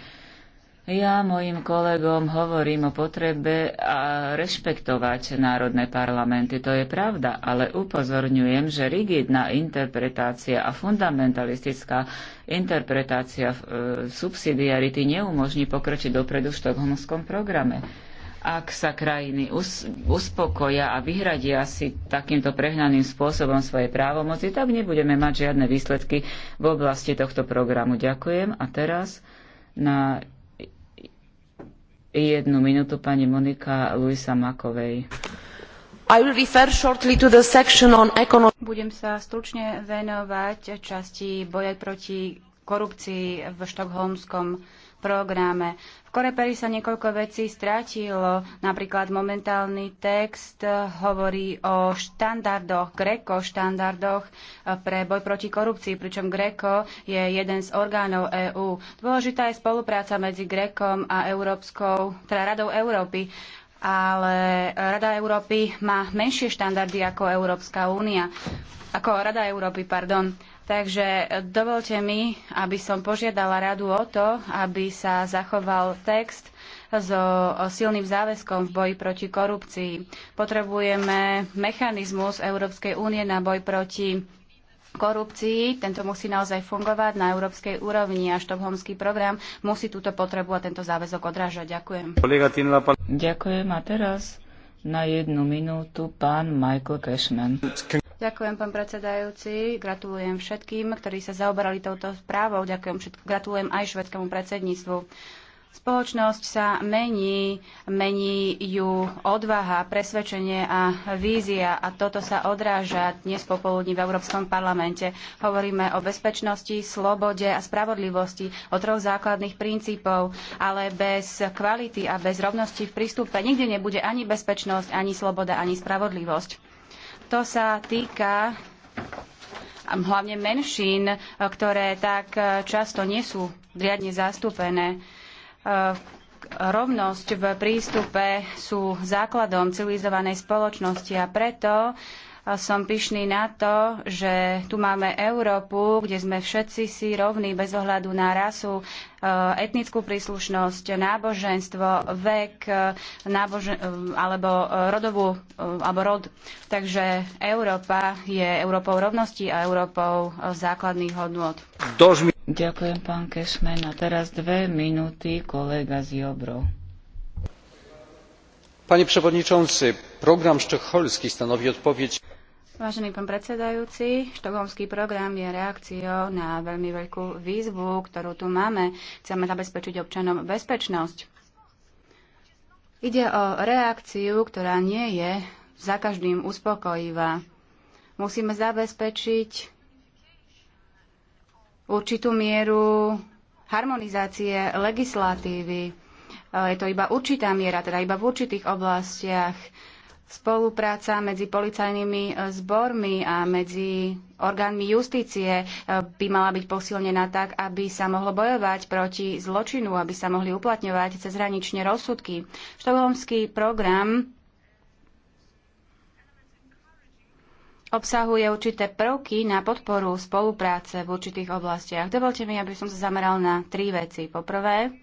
Ja mojim kolegom hovorím o potrebe a rešpektovať národné parlamenty. To je pravda, ale upozorňujem, že rigidná interpretácia a fundamentalistická interpretácia e, subsidiarity neumožní pokročiť dopredu v štokholmskom programe. Ak sa krajiny uspokoja a vyhradia si takýmto prehnaným spôsobom svoje právomoci, tak nebudeme mať žiadne výsledky v oblasti tohto programu. Ďakujem. A teraz na jednu minútu pani Monika Luisa Makovej. Budem sa stručne venovať časti boja proti korupcii v štokholmskom programe. V Koreperi sa niekoľko vecí strátilo, napríklad momentálny text hovorí o štandardoch, Greko štandardoch eh, pre boj proti korupcii, pričom Greko je jeden z orgánov EÚ. Dôležitá je spolupráca medzi Grekom a Európskou, teda Radou Európy ale Rada Európy má menšie štandardy ako Európska únia, ako Rada Európy, pardon. Takže dovolte mi, aby som požiadala radu o to, aby sa zachoval text so silným záväzkom v boji proti korupcii. Potrebujeme mechanizmus Európskej únie na boj proti korupcii. Tento musí naozaj fungovať na európskej úrovni a štokholmský program musí túto potrebu a tento záväzok odrážať. Ďakujem. Ďakujem a teraz na jednu minútu pán Michael Cashman. Ďakujem, pán predsedajúci. Gratulujem všetkým, ktorí sa zaoberali touto správou. Ďakujem všetko, gratulujem aj švedskému predsedníctvu. Spoločnosť sa mení, mení ju odvaha, presvedčenie a vízia a toto sa odráža dnes popoludní v Európskom parlamente. Hovoríme o bezpečnosti, slobode a spravodlivosti, o troch základných princípov, ale bez kvality a bez rovnosti v prístupe nikdy nebude ani bezpečnosť, ani sloboda, ani spravodlivosť. To sa týka um, hlavne menšín, uh, ktoré tak uh, často nie sú riadne zastúpené. Uh, rovnosť v prístupe sú základom civilizovanej spoločnosti a preto som pyšný na to, že tu máme Európu, kde sme všetci si rovní bez ohľadu na rasu, eh, etnickú príslušnosť, náboženstvo, vek eh, nábožen- eh, alebo rodovú alebo rod. Takže Európa je Európou rovnosti a Európou základných hodnôt. Ďakujem, pán Kešmen. A teraz dve minúty kolega Jobro. Panie przewodniczący, program sztokholmski stanowi odpowiedź Vážený pán predsedajúci, štokholmský program je reakciou na veľmi veľkú výzvu, ktorú tu máme. Chceme zabezpečiť občanom bezpečnosť. Ide o reakciu, ktorá nie je za každým uspokojivá. Musíme zabezpečiť určitú mieru harmonizácie legislatívy. E, je to iba určitá miera, teda iba v určitých oblastiach spolupráca medzi policajnými e, zbormi a medzi orgánmi justície e, by mala byť posilnená tak, aby sa mohlo bojovať proti zločinu, aby sa mohli uplatňovať cezhranične rozsudky. Štokholmský program obsahuje určité prvky na podporu spolupráce v určitých oblastiach. Dovolte mi, aby som sa zameral na tri veci. Poprvé,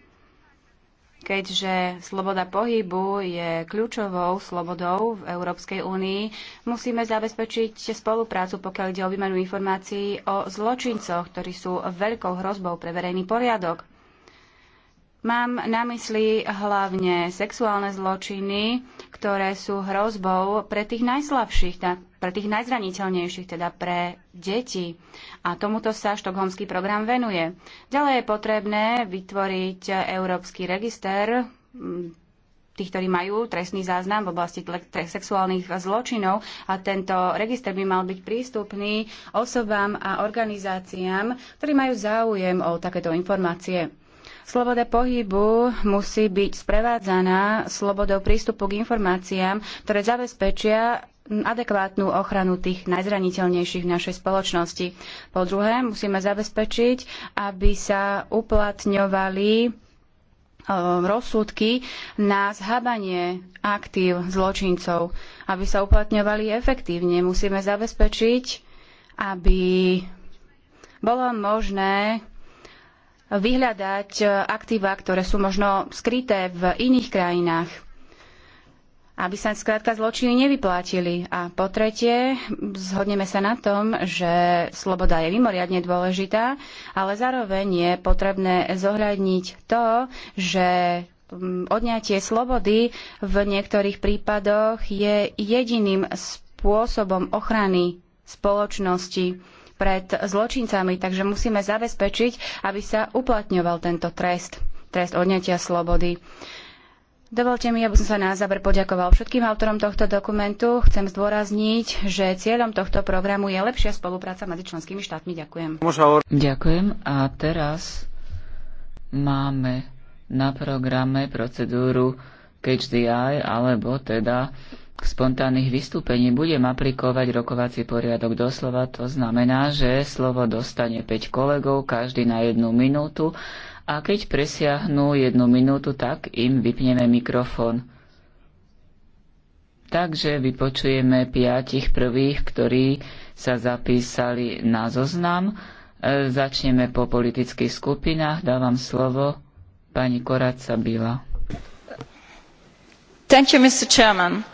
Keďže sloboda pohybu je kľúčovou slobodou v Európskej únii, musíme zabezpečiť spoluprácu, pokiaľ ide o výmenu informácií o zločincoch, ktorí sú veľkou hrozbou pre verejný poriadok. Mám na mysli hlavne sexuálne zločiny, ktoré sú hrozbou pre tých najslabších, tak pre tých najzraniteľnejších, teda pre deti. A tomuto sa štokholmský program venuje. Ďalej je potrebné vytvoriť európsky register tých, ktorí majú trestný záznam v oblasti sexuálnych zločinov a tento register by mal byť prístupný osobám a organizáciám, ktorí majú záujem o takéto informácie. Sloboda pohybu musí byť sprevádzaná slobodou prístupu k informáciám, ktoré zabezpečia adekvátnu ochranu tých najzraniteľnejších v našej spoločnosti. Po druhé, musíme zabezpečiť, aby sa uplatňovali e, rozsudky na zhabanie aktív zločincov, aby sa uplatňovali efektívne. Musíme zabezpečiť, aby bolo možné vyhľadať aktíva, ktoré sú možno skryté v iných krajinách aby sa skrátka zločiny nevyplatili. A po tretie, zhodneme sa na tom, že sloboda je mimoriadne dôležitá, ale zároveň je potrebné zohľadniť to, že mm, odňatie slobody v niektorých prípadoch je jediným spôsobom ochrany spoločnosti pred zločincami, takže musíme zabezpečiť, aby sa uplatňoval tento trest, trest odňatia slobody. Dovolte mi, aby som sa na záver poďakoval všetkým autorom tohto dokumentu. Chcem zdôrazniť, že cieľom tohto programu je lepšia spolupráca medzi členskými štátmi. Ďakujem. Ďakujem. A teraz máme na programe procedúru Catch the Eye, alebo teda spontánnych vystúpení budem aplikovať rokovací poriadok doslova. To znamená, že slovo dostane 5 kolegov, každý na jednu minútu a keď presiahnú jednu minútu, tak im vypneme mikrofón. Takže vypočujeme piatich prvých, ktorí sa zapísali na zoznam. E, začneme po politických skupinách. Dávam slovo pani Koraca Bila. Thank you, Mr. Chairman.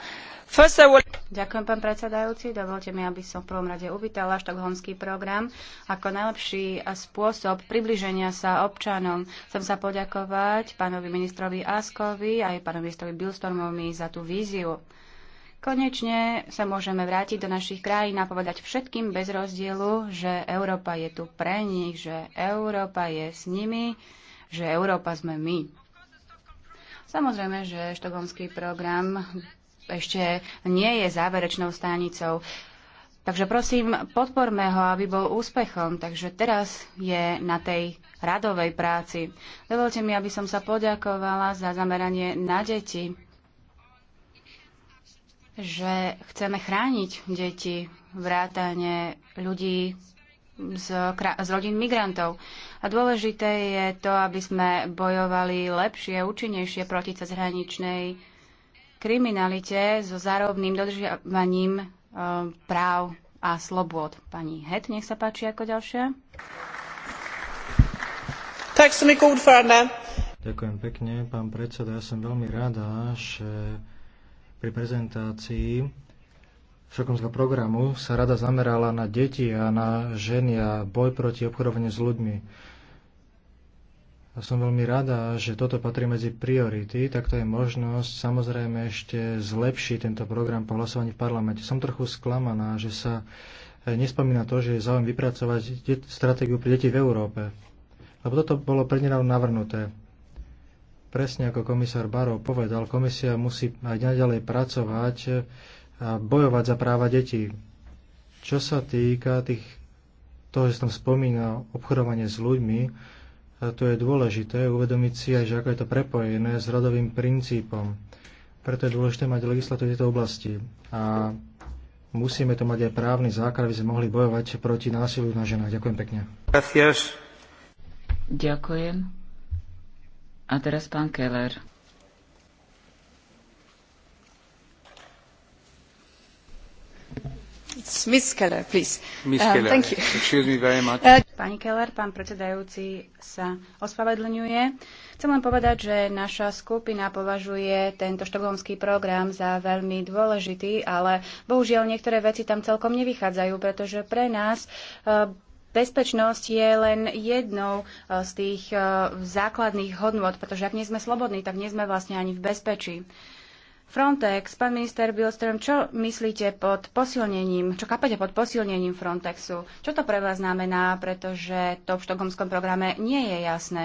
Ďakujem, pán predsedajúci. Dovolte mi, aby som v prvom rade uvítala štokholmský program ako najlepší spôsob približenia sa občanom. Chcem sa poďakovať pánovi ministrovi Askovi a aj pánovi ministrovi Billstormovi za tú víziu. Konečne sa môžeme vrátiť do našich krajín a povedať všetkým bez rozdielu, že Európa je tu pre nich, že Európa je s nimi, že Európa sme my. Samozrejme, že štokholmský program ešte nie je záverečnou stanicou. Takže prosím, podporme ho, aby bol úspechom. Takže teraz je na tej radovej práci. Dovolte mi, aby som sa poďakovala za zameranie na deti, že chceme chrániť deti, vrátane ľudí z, z rodín migrantov. A dôležité je to, aby sme bojovali lepšie, účinnejšie proti cezhraničnej kriminalite so zárovným dodržiavaním e, práv a slobôd. Pani Het, nech sa páči ako ďalšia. Ďakujem pekne, pán predseda. Ja som veľmi rada, že pri prezentácii šokomského programu sa rada zamerala na deti a na ženy a boj proti obchodovaniu s ľuďmi som veľmi rada, že toto patrí medzi priority, tak to je možnosť samozrejme ešte zlepšiť tento program po hlasovaní v parlamente. Som trochu sklamaná, že sa e, nespomína to, že je záujem vypracovať stratégiu pre deti v Európe. Lebo toto bolo prednedávno navrhnuté. Presne ako komisár Barov povedal, komisia musí aj naďalej pracovať e, a bojovať za práva detí. Čo sa týka tých, toho, že som spomínal obchodovanie s ľuďmi, a to je dôležité uvedomiť si aj, že ako je to prepojené s radovým princípom. Preto je dôležité mať legislatúru v tejto oblasti. A musíme to mať aj právny základ, aby sme mohli bojovať proti násiliu na ženách. Ďakujem pekne. Gracias. Ďakujem. A teraz pán Keller. Miss Keller, please. Miss uh, Keller, uh, thank you. excuse me very much. Uh, Pani Keller, pán predsedajúci sa ospravedlňuje. Chcem len povedať, že naša skupina považuje tento štokholmský program za veľmi dôležitý, ale bohužiaľ niektoré veci tam celkom nevychádzajú, pretože pre nás e, bezpečnosť je len jednou e, z tých e, základných hodnot, pretože ak nie sme slobodní, tak nie sme vlastne ani v bezpečí. Frontex, pán minister Bilström, čo myslíte pod posilnením, čo kapete pod posilnením Frontexu? Čo to pre vás znamená, pretože to v štokholmskom programe nie je jasné?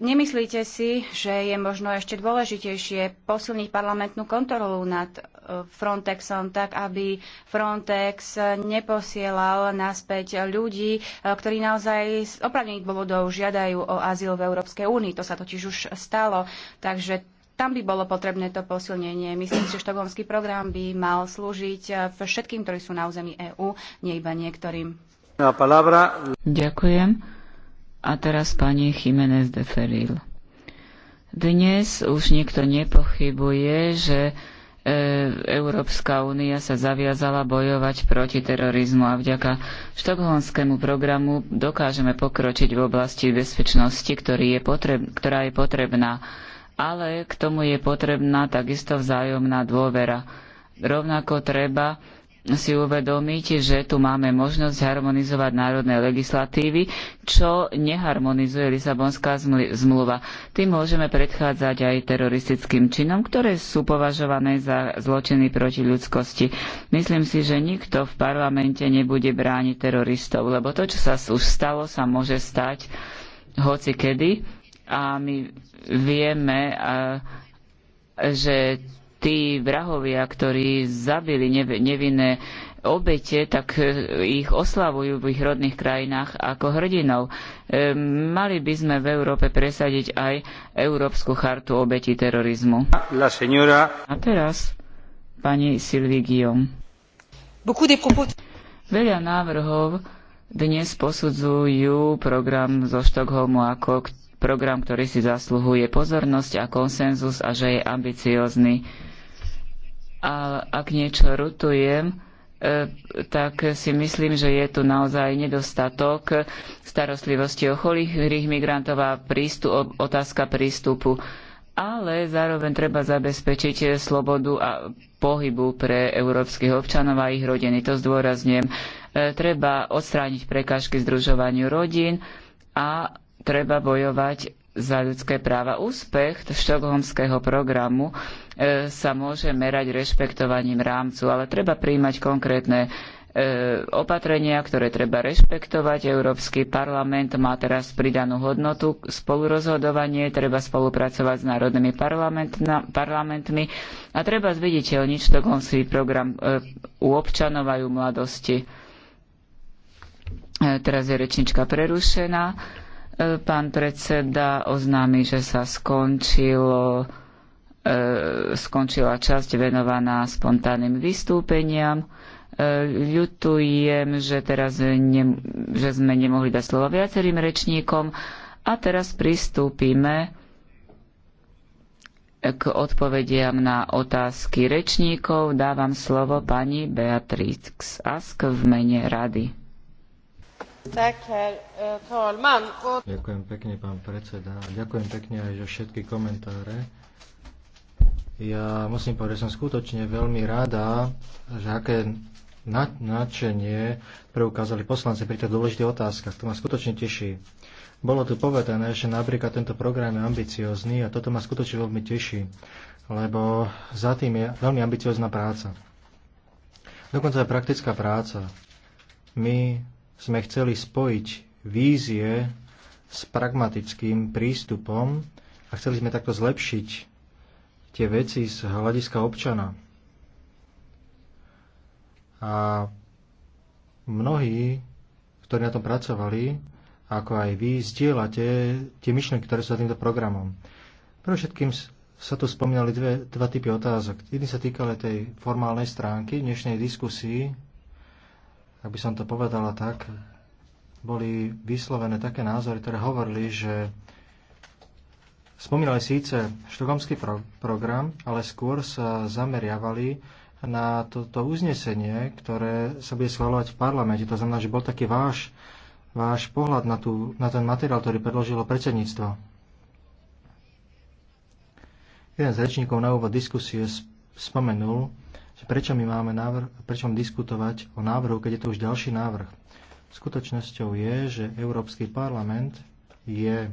Nemyslíte si, že je možno ešte dôležitejšie posilniť parlamentnú kontrolu nad Frontexom, tak aby Frontex neposielal naspäť ľudí, eh, ktorí naozaj z opravnených dôvodov žiadajú o azyl v Európskej únii. To sa totiž už stalo. Takže tam by bolo potrebné to posilnenie. Myslím, že štokholmský program by mal slúžiť eh, všetkým, ktorí sú na území EÚ, nie iba niektorým. Ďakujem. A teraz pani Jiménez de Feril. Dnes už nikto nepochybuje, že E, Európska únia sa zaviazala bojovať proti terorizmu a vďaka štokholmskému programu dokážeme pokročiť v oblasti bezpečnosti, ktorý je potreb, ktorá je potrebná. Ale k tomu je potrebná takisto vzájomná dôvera. Rovnako treba si uvedomiť, že tu máme možnosť harmonizovať národné legislatívy, čo neharmonizuje Lisabonská zmluva. Tým môžeme predchádzať aj teroristickým činom, ktoré sú považované za zločiny proti ľudskosti. Myslím si, že nikto v parlamente nebude brániť teroristov, lebo to, čo sa už stalo, sa môže stať hoci kedy a my vieme, že tí vrahovia, ktorí zabili nevinné obete, tak e, ich oslavujú v ich rodných krajinách ako hrdinov. E, mali by sme v Európe presadiť aj Európsku chartu obeti terorizmu. Señora... A teraz pani Sylvie Guillaume. Veľa návrhov dnes posudzujú program zo Štokholmu ako program, ktorý si zasluhuje pozornosť a konsenzus a že je ambiciózny ale ak niečo rutujem, e, tak si myslím, že je tu naozaj nedostatok starostlivosti o chorých migrantov a prístup, otázka prístupu. Ale zároveň treba zabezpečiť slobodu a pohybu pre európskych občanov a ich rodiny. To zdôrazňujem. E, treba odstrániť prekážky združovaniu rodín a treba bojovať za ľudské práva. Úspech štokholmského programu e, sa môže merať rešpektovaním rámcu, ale treba príjmať konkrétne e, opatrenia, ktoré treba rešpektovať. Európsky parlament má teraz pridanú hodnotu spolurozhodovanie, treba spolupracovať s národnými parlamentmi a treba zviditeľniť štokholmský program e, u občanov aj u mladosti. E, teraz je rečnička prerušená. Pán predseda oznámi, že sa skončilo, e, skončila časť venovaná spontánnym vystúpeniam e, ľutujem, že teraz ne, že sme nemohli dať slovo viacerým rečníkom a teraz pristúpime k odpovediam na otázky rečníkov. Dávam slovo pani Beatrix Ask v mene rady. Eh, ďakujem pekne, pán predseda. ďakujem pekne aj za všetky komentáre. Ja musím povedať, že som skutočne veľmi rada, že aké nadšenie preukázali poslanci pri tých dôležitých otázkach. To ma skutočne teší. Bolo tu povedané, že napríklad tento program je ambiciózny a toto ma skutočne veľmi teší, lebo za tým je veľmi ambiciózna práca. Dokonca aj praktická práca. My sme chceli spojiť vízie s pragmatickým prístupom a chceli sme takto zlepšiť tie veci z hľadiska občana. A mnohí, ktorí na tom pracovali, ako aj vy, zdieľate tie myšlenky, ktoré sú za týmto programom. Pre všetkým sa tu spomínali dve, dva typy otázok. Jedný sa týkal tej formálnej stránky dnešnej diskusii, ak by som to povedala tak, boli vyslovené také názory, ktoré hovorili, že spomínali síce štokomský pro- program, ale skôr sa zameriavali na toto uznesenie, ktoré sa bude schváľovať v parlamente. To znamená, že bol taký váš, váš pohľad na, tú, na ten materiál, ktorý predložilo predsedníctvo. Jeden z rečníkov na úvod diskusie spomenul, prečo my máme návrh, prečo máme diskutovať o návrhu, keď je to už ďalší návrh. Skutočnosťou je, že Európsky parlament je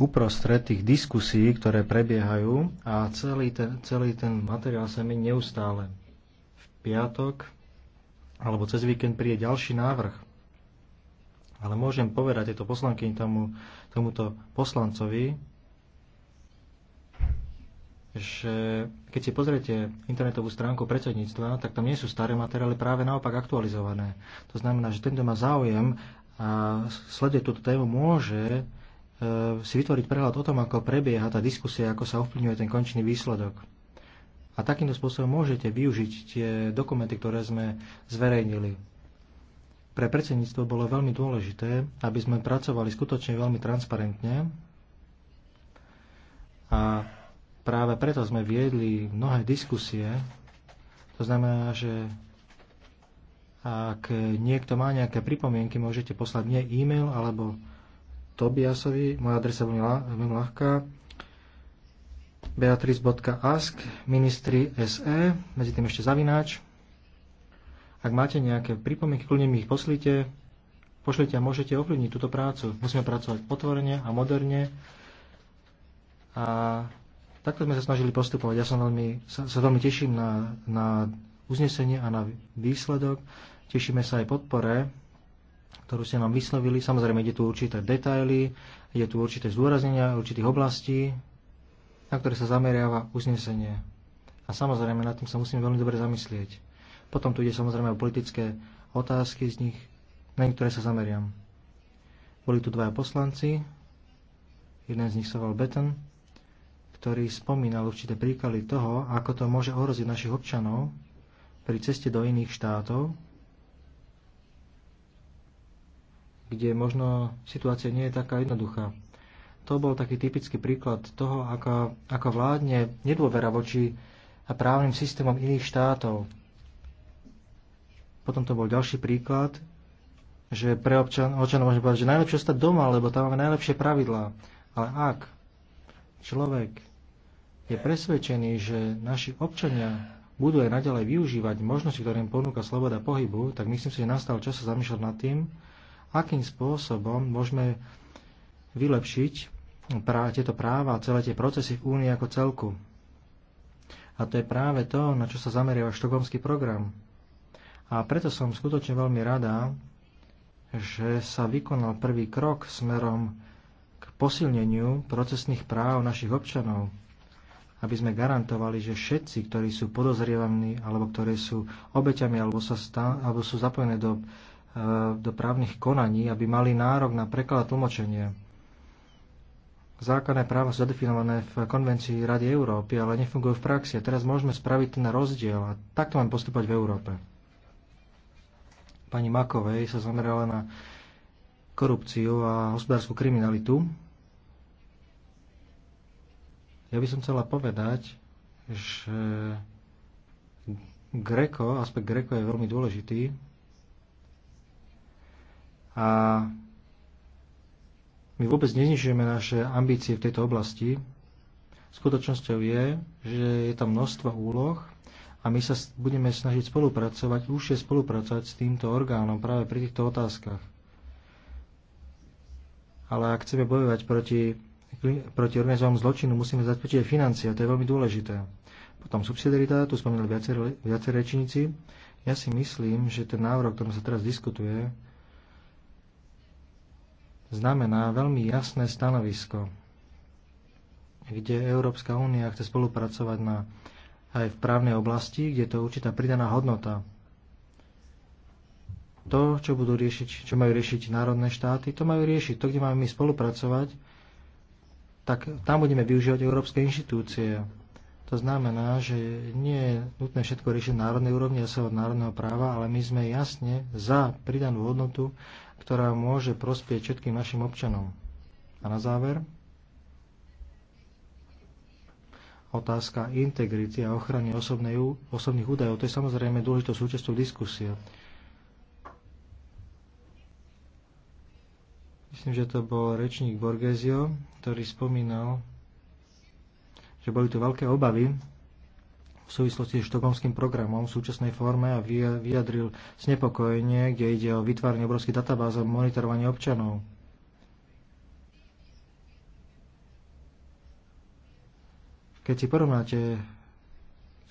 uprostred tých diskusí, ktoré prebiehajú a celý ten, celý ten materiál sa mi neustále. V piatok alebo cez víkend príde ďalší návrh. Ale môžem povedať, tieto poslanky tomu, tomuto poslancovi, že keď si pozriete internetovú stránku predsedníctva, tak tam nie sú staré materiály, práve naopak aktualizované. To znamená, že ten, kto má záujem a sleduje túto tému, môže e, si vytvoriť prehľad o tom, ako prebieha tá diskusia, ako sa ovplyvňuje ten končný výsledok. A takýmto spôsobom môžete využiť tie dokumenty, ktoré sme zverejnili. Pre predsedníctvo bolo veľmi dôležité, aby sme pracovali skutočne veľmi transparentne a práve preto sme viedli mnohé diskusie. To znamená, že ak niekto má nejaké pripomienky, môžete poslať mne e-mail alebo Tobiasovi. Moja adresa je veľmi ľahká. Beatrice.ask, ministri SE, medzi tým ešte zavináč. Ak máte nejaké pripomienky, kľudne mi ich poslite, pošlite a môžete ovplyvniť túto prácu. Musíme pracovať otvorene a moderne a Takto sme sa snažili postupovať. Ja som veľmi, sa, sa veľmi teším na, na uznesenie a na výsledok. Tešíme sa aj podpore, ktorú ste nám vyslovili. Samozrejme, ide tu určité detaily, ide tu určité zdôraznenia určitých oblastí, na ktoré sa zameriava uznesenie. A samozrejme, nad tým sa musíme veľmi dobre zamyslieť. Potom tu ide samozrejme o politické otázky, z nich, na ktoré sa zameriam. Boli tu dvaja poslanci, jeden z nich sa volal Betten, ktorý spomínal určité príklady toho, ako to môže ohroziť našich občanov pri ceste do iných štátov, kde možno situácia nie je taká jednoduchá. To bol taký typický príklad toho, ako, ako vládne nedôvera voči právnym systémom iných štátov. Potom to bol ďalší príklad, že pre občan, občanov môžeme povedať, že najlepšie ostať doma, lebo tam máme najlepšie pravidlá. Ale ak človek je presvedčený, že naši občania budú aj naďalej využívať možnosti, ktoré im ponúka sloboda pohybu, tak myslím si, že nastal čas sa zamýšľať nad tým, akým spôsobom môžeme vylepšiť prá- tieto práva a celé tie procesy v Únii ako celku. A to je práve to, na čo sa zameria štokholmský program. A preto som skutočne veľmi rada, že sa vykonal prvý krok smerom k posilneniu procesných práv našich občanov aby sme garantovali, že všetci, ktorí sú podozrievaní alebo ktorí sú obeťami alebo, sa stá, alebo sú zapojené do, e, do právnych konaní, aby mali nárok na preklad tlmočenie. Základné práva sú zadefinované v konvencii Rady Európy, ale nefungujú v praxi. A teraz môžeme spraviť ten rozdiel a takto máme postupovať v Európe. Pani Makovej sa zamerala na korupciu a hospodárskú kriminalitu ja by som chcela povedať, že Greko, aspekt Greko je veľmi dôležitý a my vôbec neznižujeme naše ambície v tejto oblasti. Skutočnosťou je, že je tam množstvo úloh a my sa budeme snažiť spolupracovať, je spolupracovať s týmto orgánom práve pri týchto otázkach. Ale ak chceme bojovať proti proti organizovanému zločinu musíme zabezpečiť financie, a to je veľmi dôležité. Potom subsidiarita, tu spomínali viaceré, viaceré rečníci. Ja si myslím, že ten návrh, o ktorom sa teraz diskutuje, znamená veľmi jasné stanovisko, kde Európska únia chce spolupracovať na, aj v právnej oblasti, kde to je určitá pridaná hodnota. To, čo budú riešiť, čo majú riešiť národné štáty, to majú riešiť. To, kde máme my spolupracovať, tak tam budeme využívať európske inštitúcie. To znamená, že nie je nutné všetko riešiť na národnej úrovni a sa od národného práva, ale my sme jasne za pridanú hodnotu, ktorá môže prospieť všetkým našim občanom. A na záver, otázka integrity a ochrany osobnej, osobných údajov. To je samozrejme dôležitou súčasťou diskusie. Myslím, že to bol rečník Borgesio, ktorý spomínal, že boli tu veľké obavy v súvislosti s štokholmským programom v súčasnej forme a vyjadril znepokojenie, kde ide o vytváranie obrovských databáz a monitorovanie občanov. Keď si porovnáte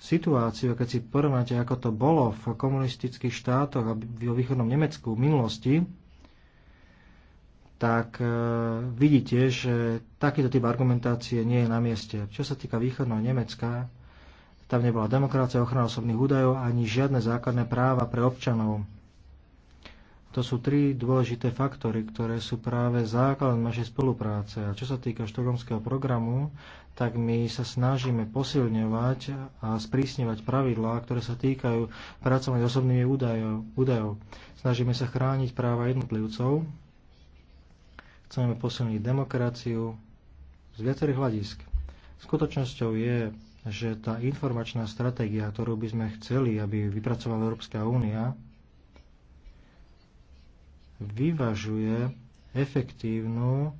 situáciu, keď si porovnáte, ako to bolo v komunistických štátoch a vo východnom Nemecku v minulosti, tak e, vidíte, že takýto typ argumentácie nie je na mieste. Čo sa týka východného Nemecka, tam nebola demokracia, ochrana osobných údajov ani žiadne základné práva pre občanov. To sú tri dôležité faktory, ktoré sú práve základom našej spolupráce. A čo sa týka štokholmského programu, tak my sa snažíme posilňovať a sprísňovať pravidlá, ktoré sa týkajú pracovných s osobnými údajov. Snažíme sa chrániť práva jednotlivcov, Chceme posilniť demokraciu z viacerých hľadisk. Skutočnosťou je, že tá informačná stratégia, ktorú by sme chceli, aby vypracovala Európska únia, vyvažuje efektívnu,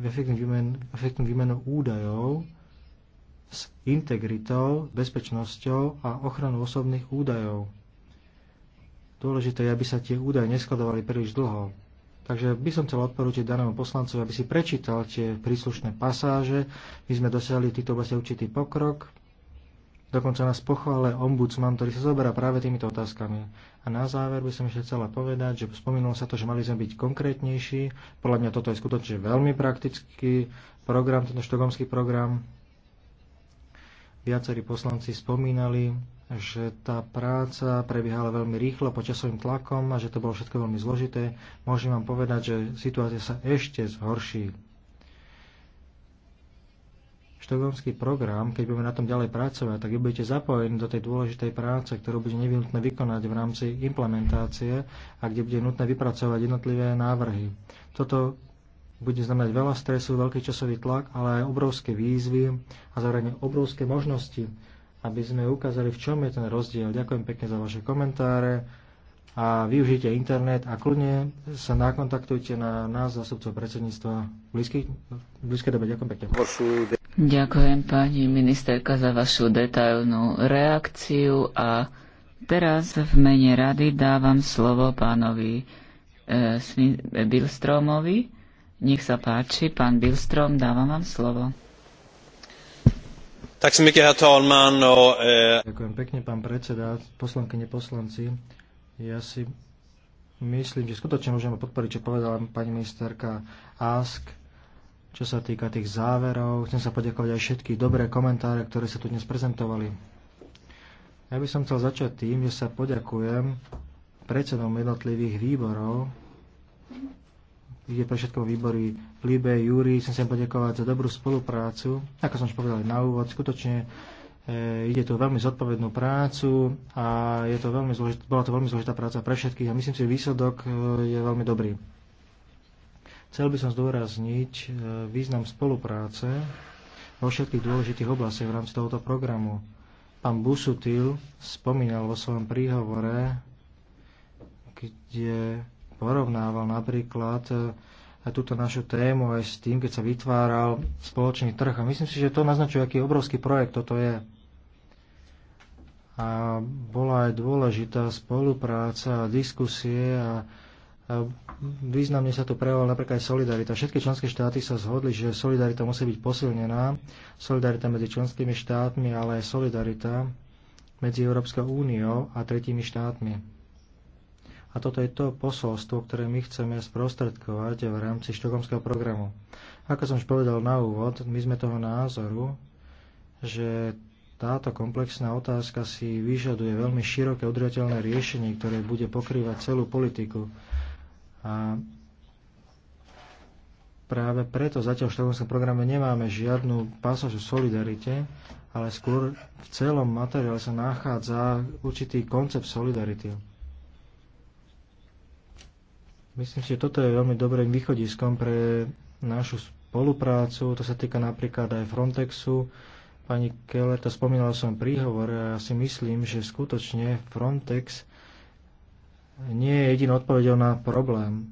efektívnu výmenu, výmenu údajov s integritou, bezpečnosťou a ochranou osobných údajov. Dôležité je, aby sa tie údaje neskladovali príliš dlho. Takže by som chcel odporúčiť danému poslancovi, aby si prečítal tie príslušné pasáže. My sme dosiahli týto vlastne určitý pokrok. Dokonca nás pochvále ombudsman, ktorý sa zoberá práve týmito otázkami. A na záver by som ešte chcela povedať, že spomínalo sa to, že mali sme byť konkrétnejší. Podľa mňa toto je skutočne veľmi praktický program, tento štokomský program. Viacerí poslanci spomínali že tá práca prebiehala veľmi rýchlo pod časovým tlakom a že to bolo všetko veľmi zložité. Môžem vám povedať, že situácia sa ešte zhorší. Štokholmský program, keď budeme na tom ďalej pracovať, tak vy budete zapojení do tej dôležitej práce, ktorú bude nevyhnutné vykonať v rámci implementácie a kde bude nutné vypracovať jednotlivé návrhy. Toto bude znamenať veľa stresu, veľký časový tlak, ale aj obrovské výzvy a zároveň obrovské možnosti, aby sme ukázali, v čom je ten rozdiel. Ďakujem pekne za vaše komentáre a využite internet a kľudne sa nakontaktujte na nás, zastupcov predsedníctva v blízkej, blízkej dobe. Ďakujem pekne. Ďakujem pani ministerka za vašu detailnú reakciu a teraz v mene rady dávam slovo pánovi e, Bilstromovi. Nech sa páči, pán Bilstrom, dávam vám slovo. Eh, Ďakujem pekne, pán predseda, poslankyne, poslanci. Ja si myslím, že skutočne môžeme podporiť, čo povedala pani ministerka Ask, čo sa týka tých záverov. Chcem sa poďakovať aj všetky dobré komentáre, ktoré sa tu dnes prezentovali. Ja by som chcel začať tým, že sa poďakujem predsedom jednotlivých výborov je pre všetko výbory Libe, Júri. Chcem sa poďakovať za dobrú spoluprácu. Ako som už povedal na úvod, skutočne e, ide tu veľmi zodpovednú prácu a je to veľmi zložit- bola to veľmi zložitá práca pre všetkých a myslím si, že výsledok e, je veľmi dobrý. Chcel by som zdôrazniť e, význam spolupráce vo všetkých dôležitých oblastiach v rámci tohoto programu. Pán Busutil spomínal vo svojom príhovore, kde porovnával napríklad e, túto našu tému aj s tým, keď sa vytváral spoločný trh. A myslím si, že to naznačuje, aký obrovský projekt toto je. A bola aj dôležitá spolupráca a diskusie a významne sa tu prejavovala napríklad aj solidarita. Všetky členské štáty sa zhodli, že solidarita musí byť posilnená. Solidarita medzi členskými štátmi, ale aj solidarita medzi Európskou úniou a tretími štátmi. A toto je to posolstvo, ktoré my chceme sprostredkovať v rámci štokomského programu. Ako som už povedal na úvod, my sme toho názoru, že táto komplexná otázka si vyžaduje veľmi široké udržateľné riešenie, ktoré bude pokrývať celú politiku. A práve preto zatiaľ v štokomskom programe nemáme žiadnu pasáž o solidarite, ale skôr v celom materiále sa nachádza určitý koncept solidarity. Myslím si, že toto je veľmi dobrým východiskom pre našu spoluprácu. To sa týka napríklad aj Frontexu. Pani Keller to spomínala som príhovor a ja si myslím, že skutočne Frontex nie je jediný odpovedou na problém.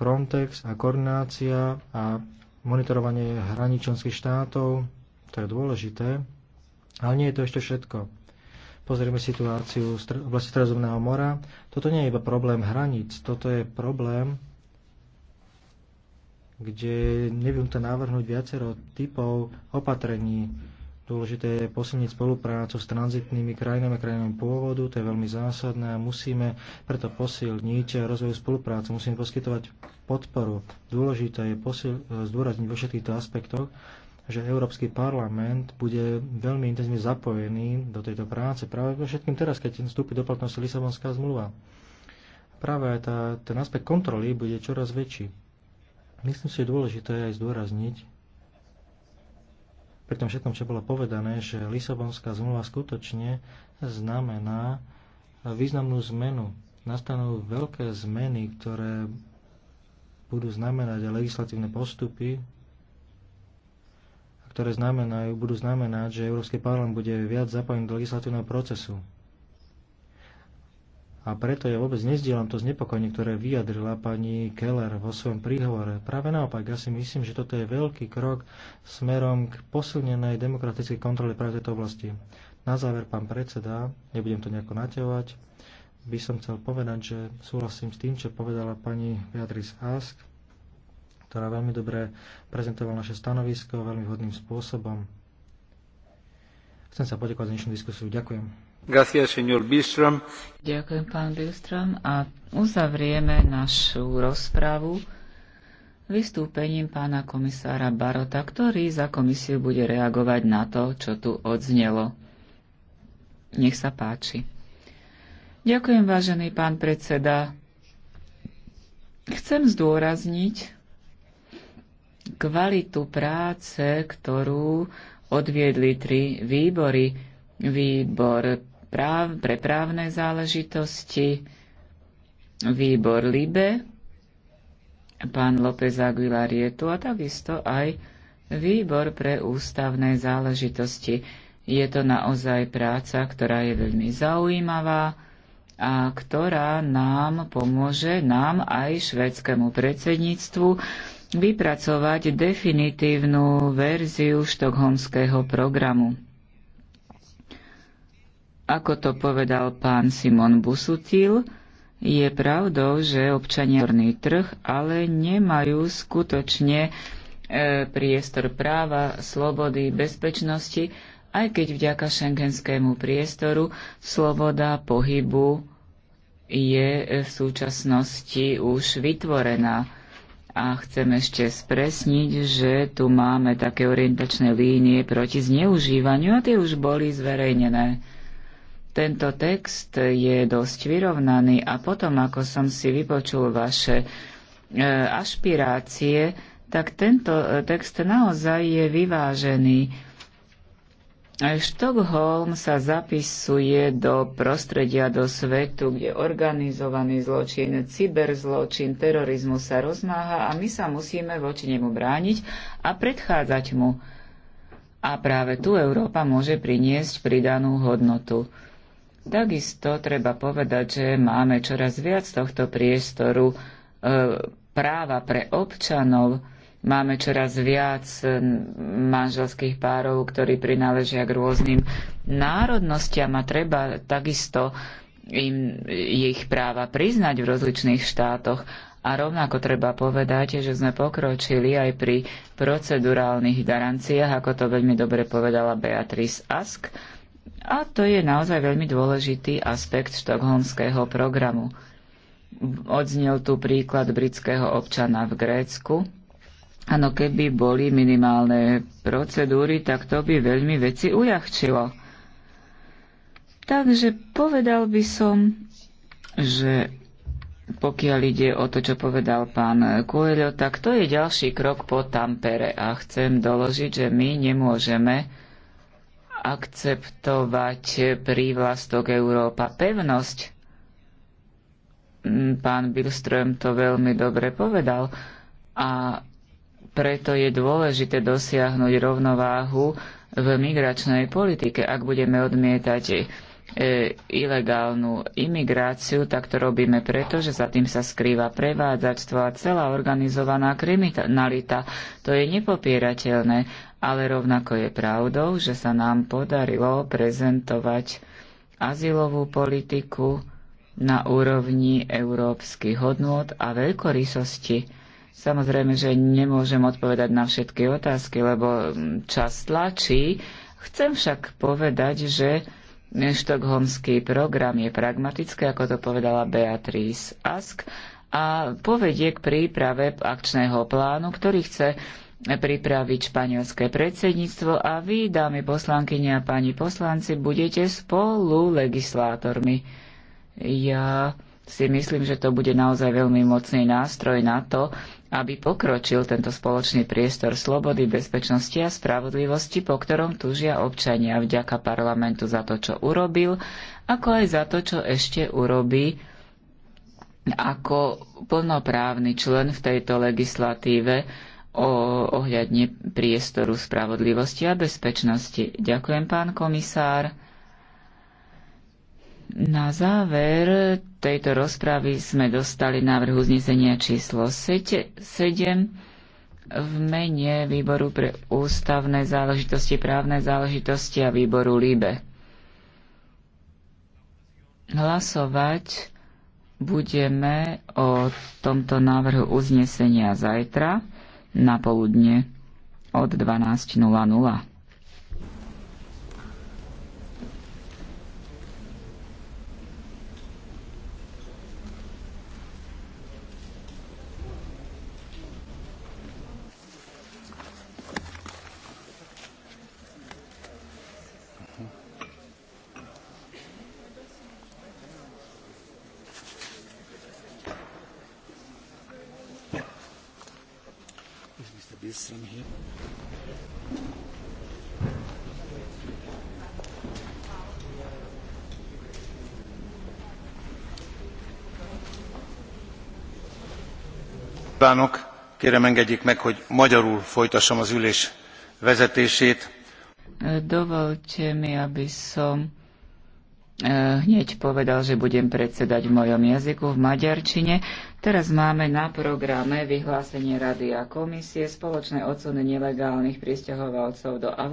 Frontex a koordinácia a monitorovanie hraničenských štátov, to je dôležité, ale nie je to ešte všetko. Pozrieme situáciu v oblasti Stredozemného mora. Toto nie je iba problém hraníc, toto je problém, kde neviem to navrhnúť viacero typov opatrení. Dôležité je posilniť spoluprácu s tranzitnými krajinami a krajinami pôvodu, to je veľmi zásadné a musíme preto posilniť rozvoj spoluprácu, musíme poskytovať podporu. Dôležité je posil, zdôrazniť vo všetkých aspektoch, že Európsky parlament bude veľmi intenzívne zapojený do tejto práce, práve všetkým teraz, keď vstúpi do platnosti Lisabonská zmluva. Práve aj tá, ten aspekt kontroly bude čoraz väčší. Myslím si, že dôležité aj zdôrazniť, pri tom všetkom, čo bolo povedané, že Lisabonská zmluva skutočne znamená významnú zmenu. Nastanú veľké zmeny, ktoré budú znamenať aj legislatívne postupy ktoré znamenajú, budú znamenať, že Európsky parlament bude viac zapojený do legislatívneho procesu. A preto ja vôbec nezdielam to znepokojenie, ktoré vyjadrila pani Keller vo svojom príhovore. Práve naopak, ja si myslím, že toto je veľký krok smerom k posilnenej demokratickej kontrole práve tejto oblasti. Na záver, pán predseda, nebudem to nejako naťahovať, by som chcel povedať, že súhlasím s tým, čo povedala pani Beatrice Ask, ktorá veľmi dobre prezentovala naše stanovisko veľmi vhodným spôsobom. Chcem sa poďakovať za dnešnú diskusiu. Ďakujem. Gracias, señor Bistrom. Ďakujem, pán Bistrom. A uzavrieme našu rozpravu vystúpením pána komisára Barota, ktorý za komisiu bude reagovať na to, čo tu odznelo. Nech sa páči. Ďakujem, vážený pán predseda. Chcem zdôrazniť, kvalitu práce, ktorú odviedli tri výbory. Výbor práv, pre právne záležitosti, výbor LIBE, pán López Aguilar je tu a takisto aj výbor pre ústavné záležitosti. Je to naozaj práca, ktorá je veľmi zaujímavá a ktorá nám pomôže, nám aj švedskému predsedníctvu, vypracovať definitívnu verziu štokholmského programu. Ako to povedal pán Simon Busutil, je pravdou, že občania trh, ale nemajú skutočne e, priestor práva, slobody, bezpečnosti, aj keď vďaka šengenskému priestoru sloboda pohybu je e, v súčasnosti už vytvorená. A chcem ešte spresniť, že tu máme také orientačné línie proti zneužívaniu a tie už boli zverejnené. Tento text je dosť vyrovnaný a potom, ako som si vypočul vaše e, ašpirácie, tak tento e, text naozaj je vyvážený Štokholm sa zapisuje do prostredia, do svetu, kde organizovaný zločin, cyberzločin, terorizmus sa rozmáha a my sa musíme voči nemu brániť a predchádzať mu. A práve tu Európa môže priniesť pridanú hodnotu. Takisto treba povedať, že máme čoraz viac tohto priestoru e, práva pre občanov, Máme čoraz viac e, manželských párov, ktorí prináležia k rôznym národnostiam a treba takisto im ich práva priznať v rozličných štátoch. A rovnako treba povedať, že sme pokročili aj pri procedurálnych garanciách, ako to veľmi dobre povedala Beatrice Ask. A to je naozaj veľmi dôležitý aspekt štokholmského programu. Odznel tu príklad britského občana v Grécku, Áno, keby boli minimálne procedúry, tak to by veľmi veci uľahčilo. Takže povedal by som, že pokiaľ ide o to, čo povedal pán Coelho, tak to je ďalší krok po Tampere a chcem doložiť, že my nemôžeme akceptovať prívlastok Európa pevnosť. Mm, pán Bilström to veľmi dobre povedal a preto je dôležité dosiahnuť rovnováhu v migračnej politike. Ak budeme odmietať e, ilegálnu imigráciu, tak to robíme preto, že za tým sa skrýva prevádzačstvo a celá organizovaná kriminalita. To je nepopierateľné, ale rovnako je pravdou, že sa nám podarilo prezentovať azylovú politiku na úrovni európskych hodnôt a veľkorysosti Samozrejme, že nemôžem odpovedať na všetky otázky, lebo mm, čas tlačí. Chcem však povedať, že štokholmský program je pragmatický, ako to povedala Beatrice Ask, a povedie k príprave akčného plánu, ktorý chce pripraviť španielské predsedníctvo a vy, dámy poslankyne a páni poslanci, budete spolu legislátormi. Ja si myslím, že to bude naozaj veľmi mocný nástroj na to, aby pokročil tento spoločný priestor slobody, bezpečnosti a spravodlivosti, po ktorom túžia občania vďaka parlamentu za to, čo urobil, ako aj za to, čo ešte urobí ako plnoprávny člen v tejto legislatíve o ohľadne priestoru spravodlivosti a bezpečnosti. Ďakujem, pán komisár. Na záver tejto rozpravy sme dostali návrh uznesenia číslo 7 v mene Výboru pre ústavné záležitosti, právne záležitosti a Výboru LIBE. Hlasovať budeme o tomto návrhu uznesenia zajtra na poludne od 12.00. Kívánok! Kérem engedjék meg, hogy magyarul folytassam az ülés vezetését. Dovolte mi, aby som e, hneď povedal, že budem predsedať v mojom jazyku v maďarčine. Teraz máme na programe vyhlásenie Rady a komisie spoločné odsúdenie nelegálnych pristahovalcov do Afganistánu.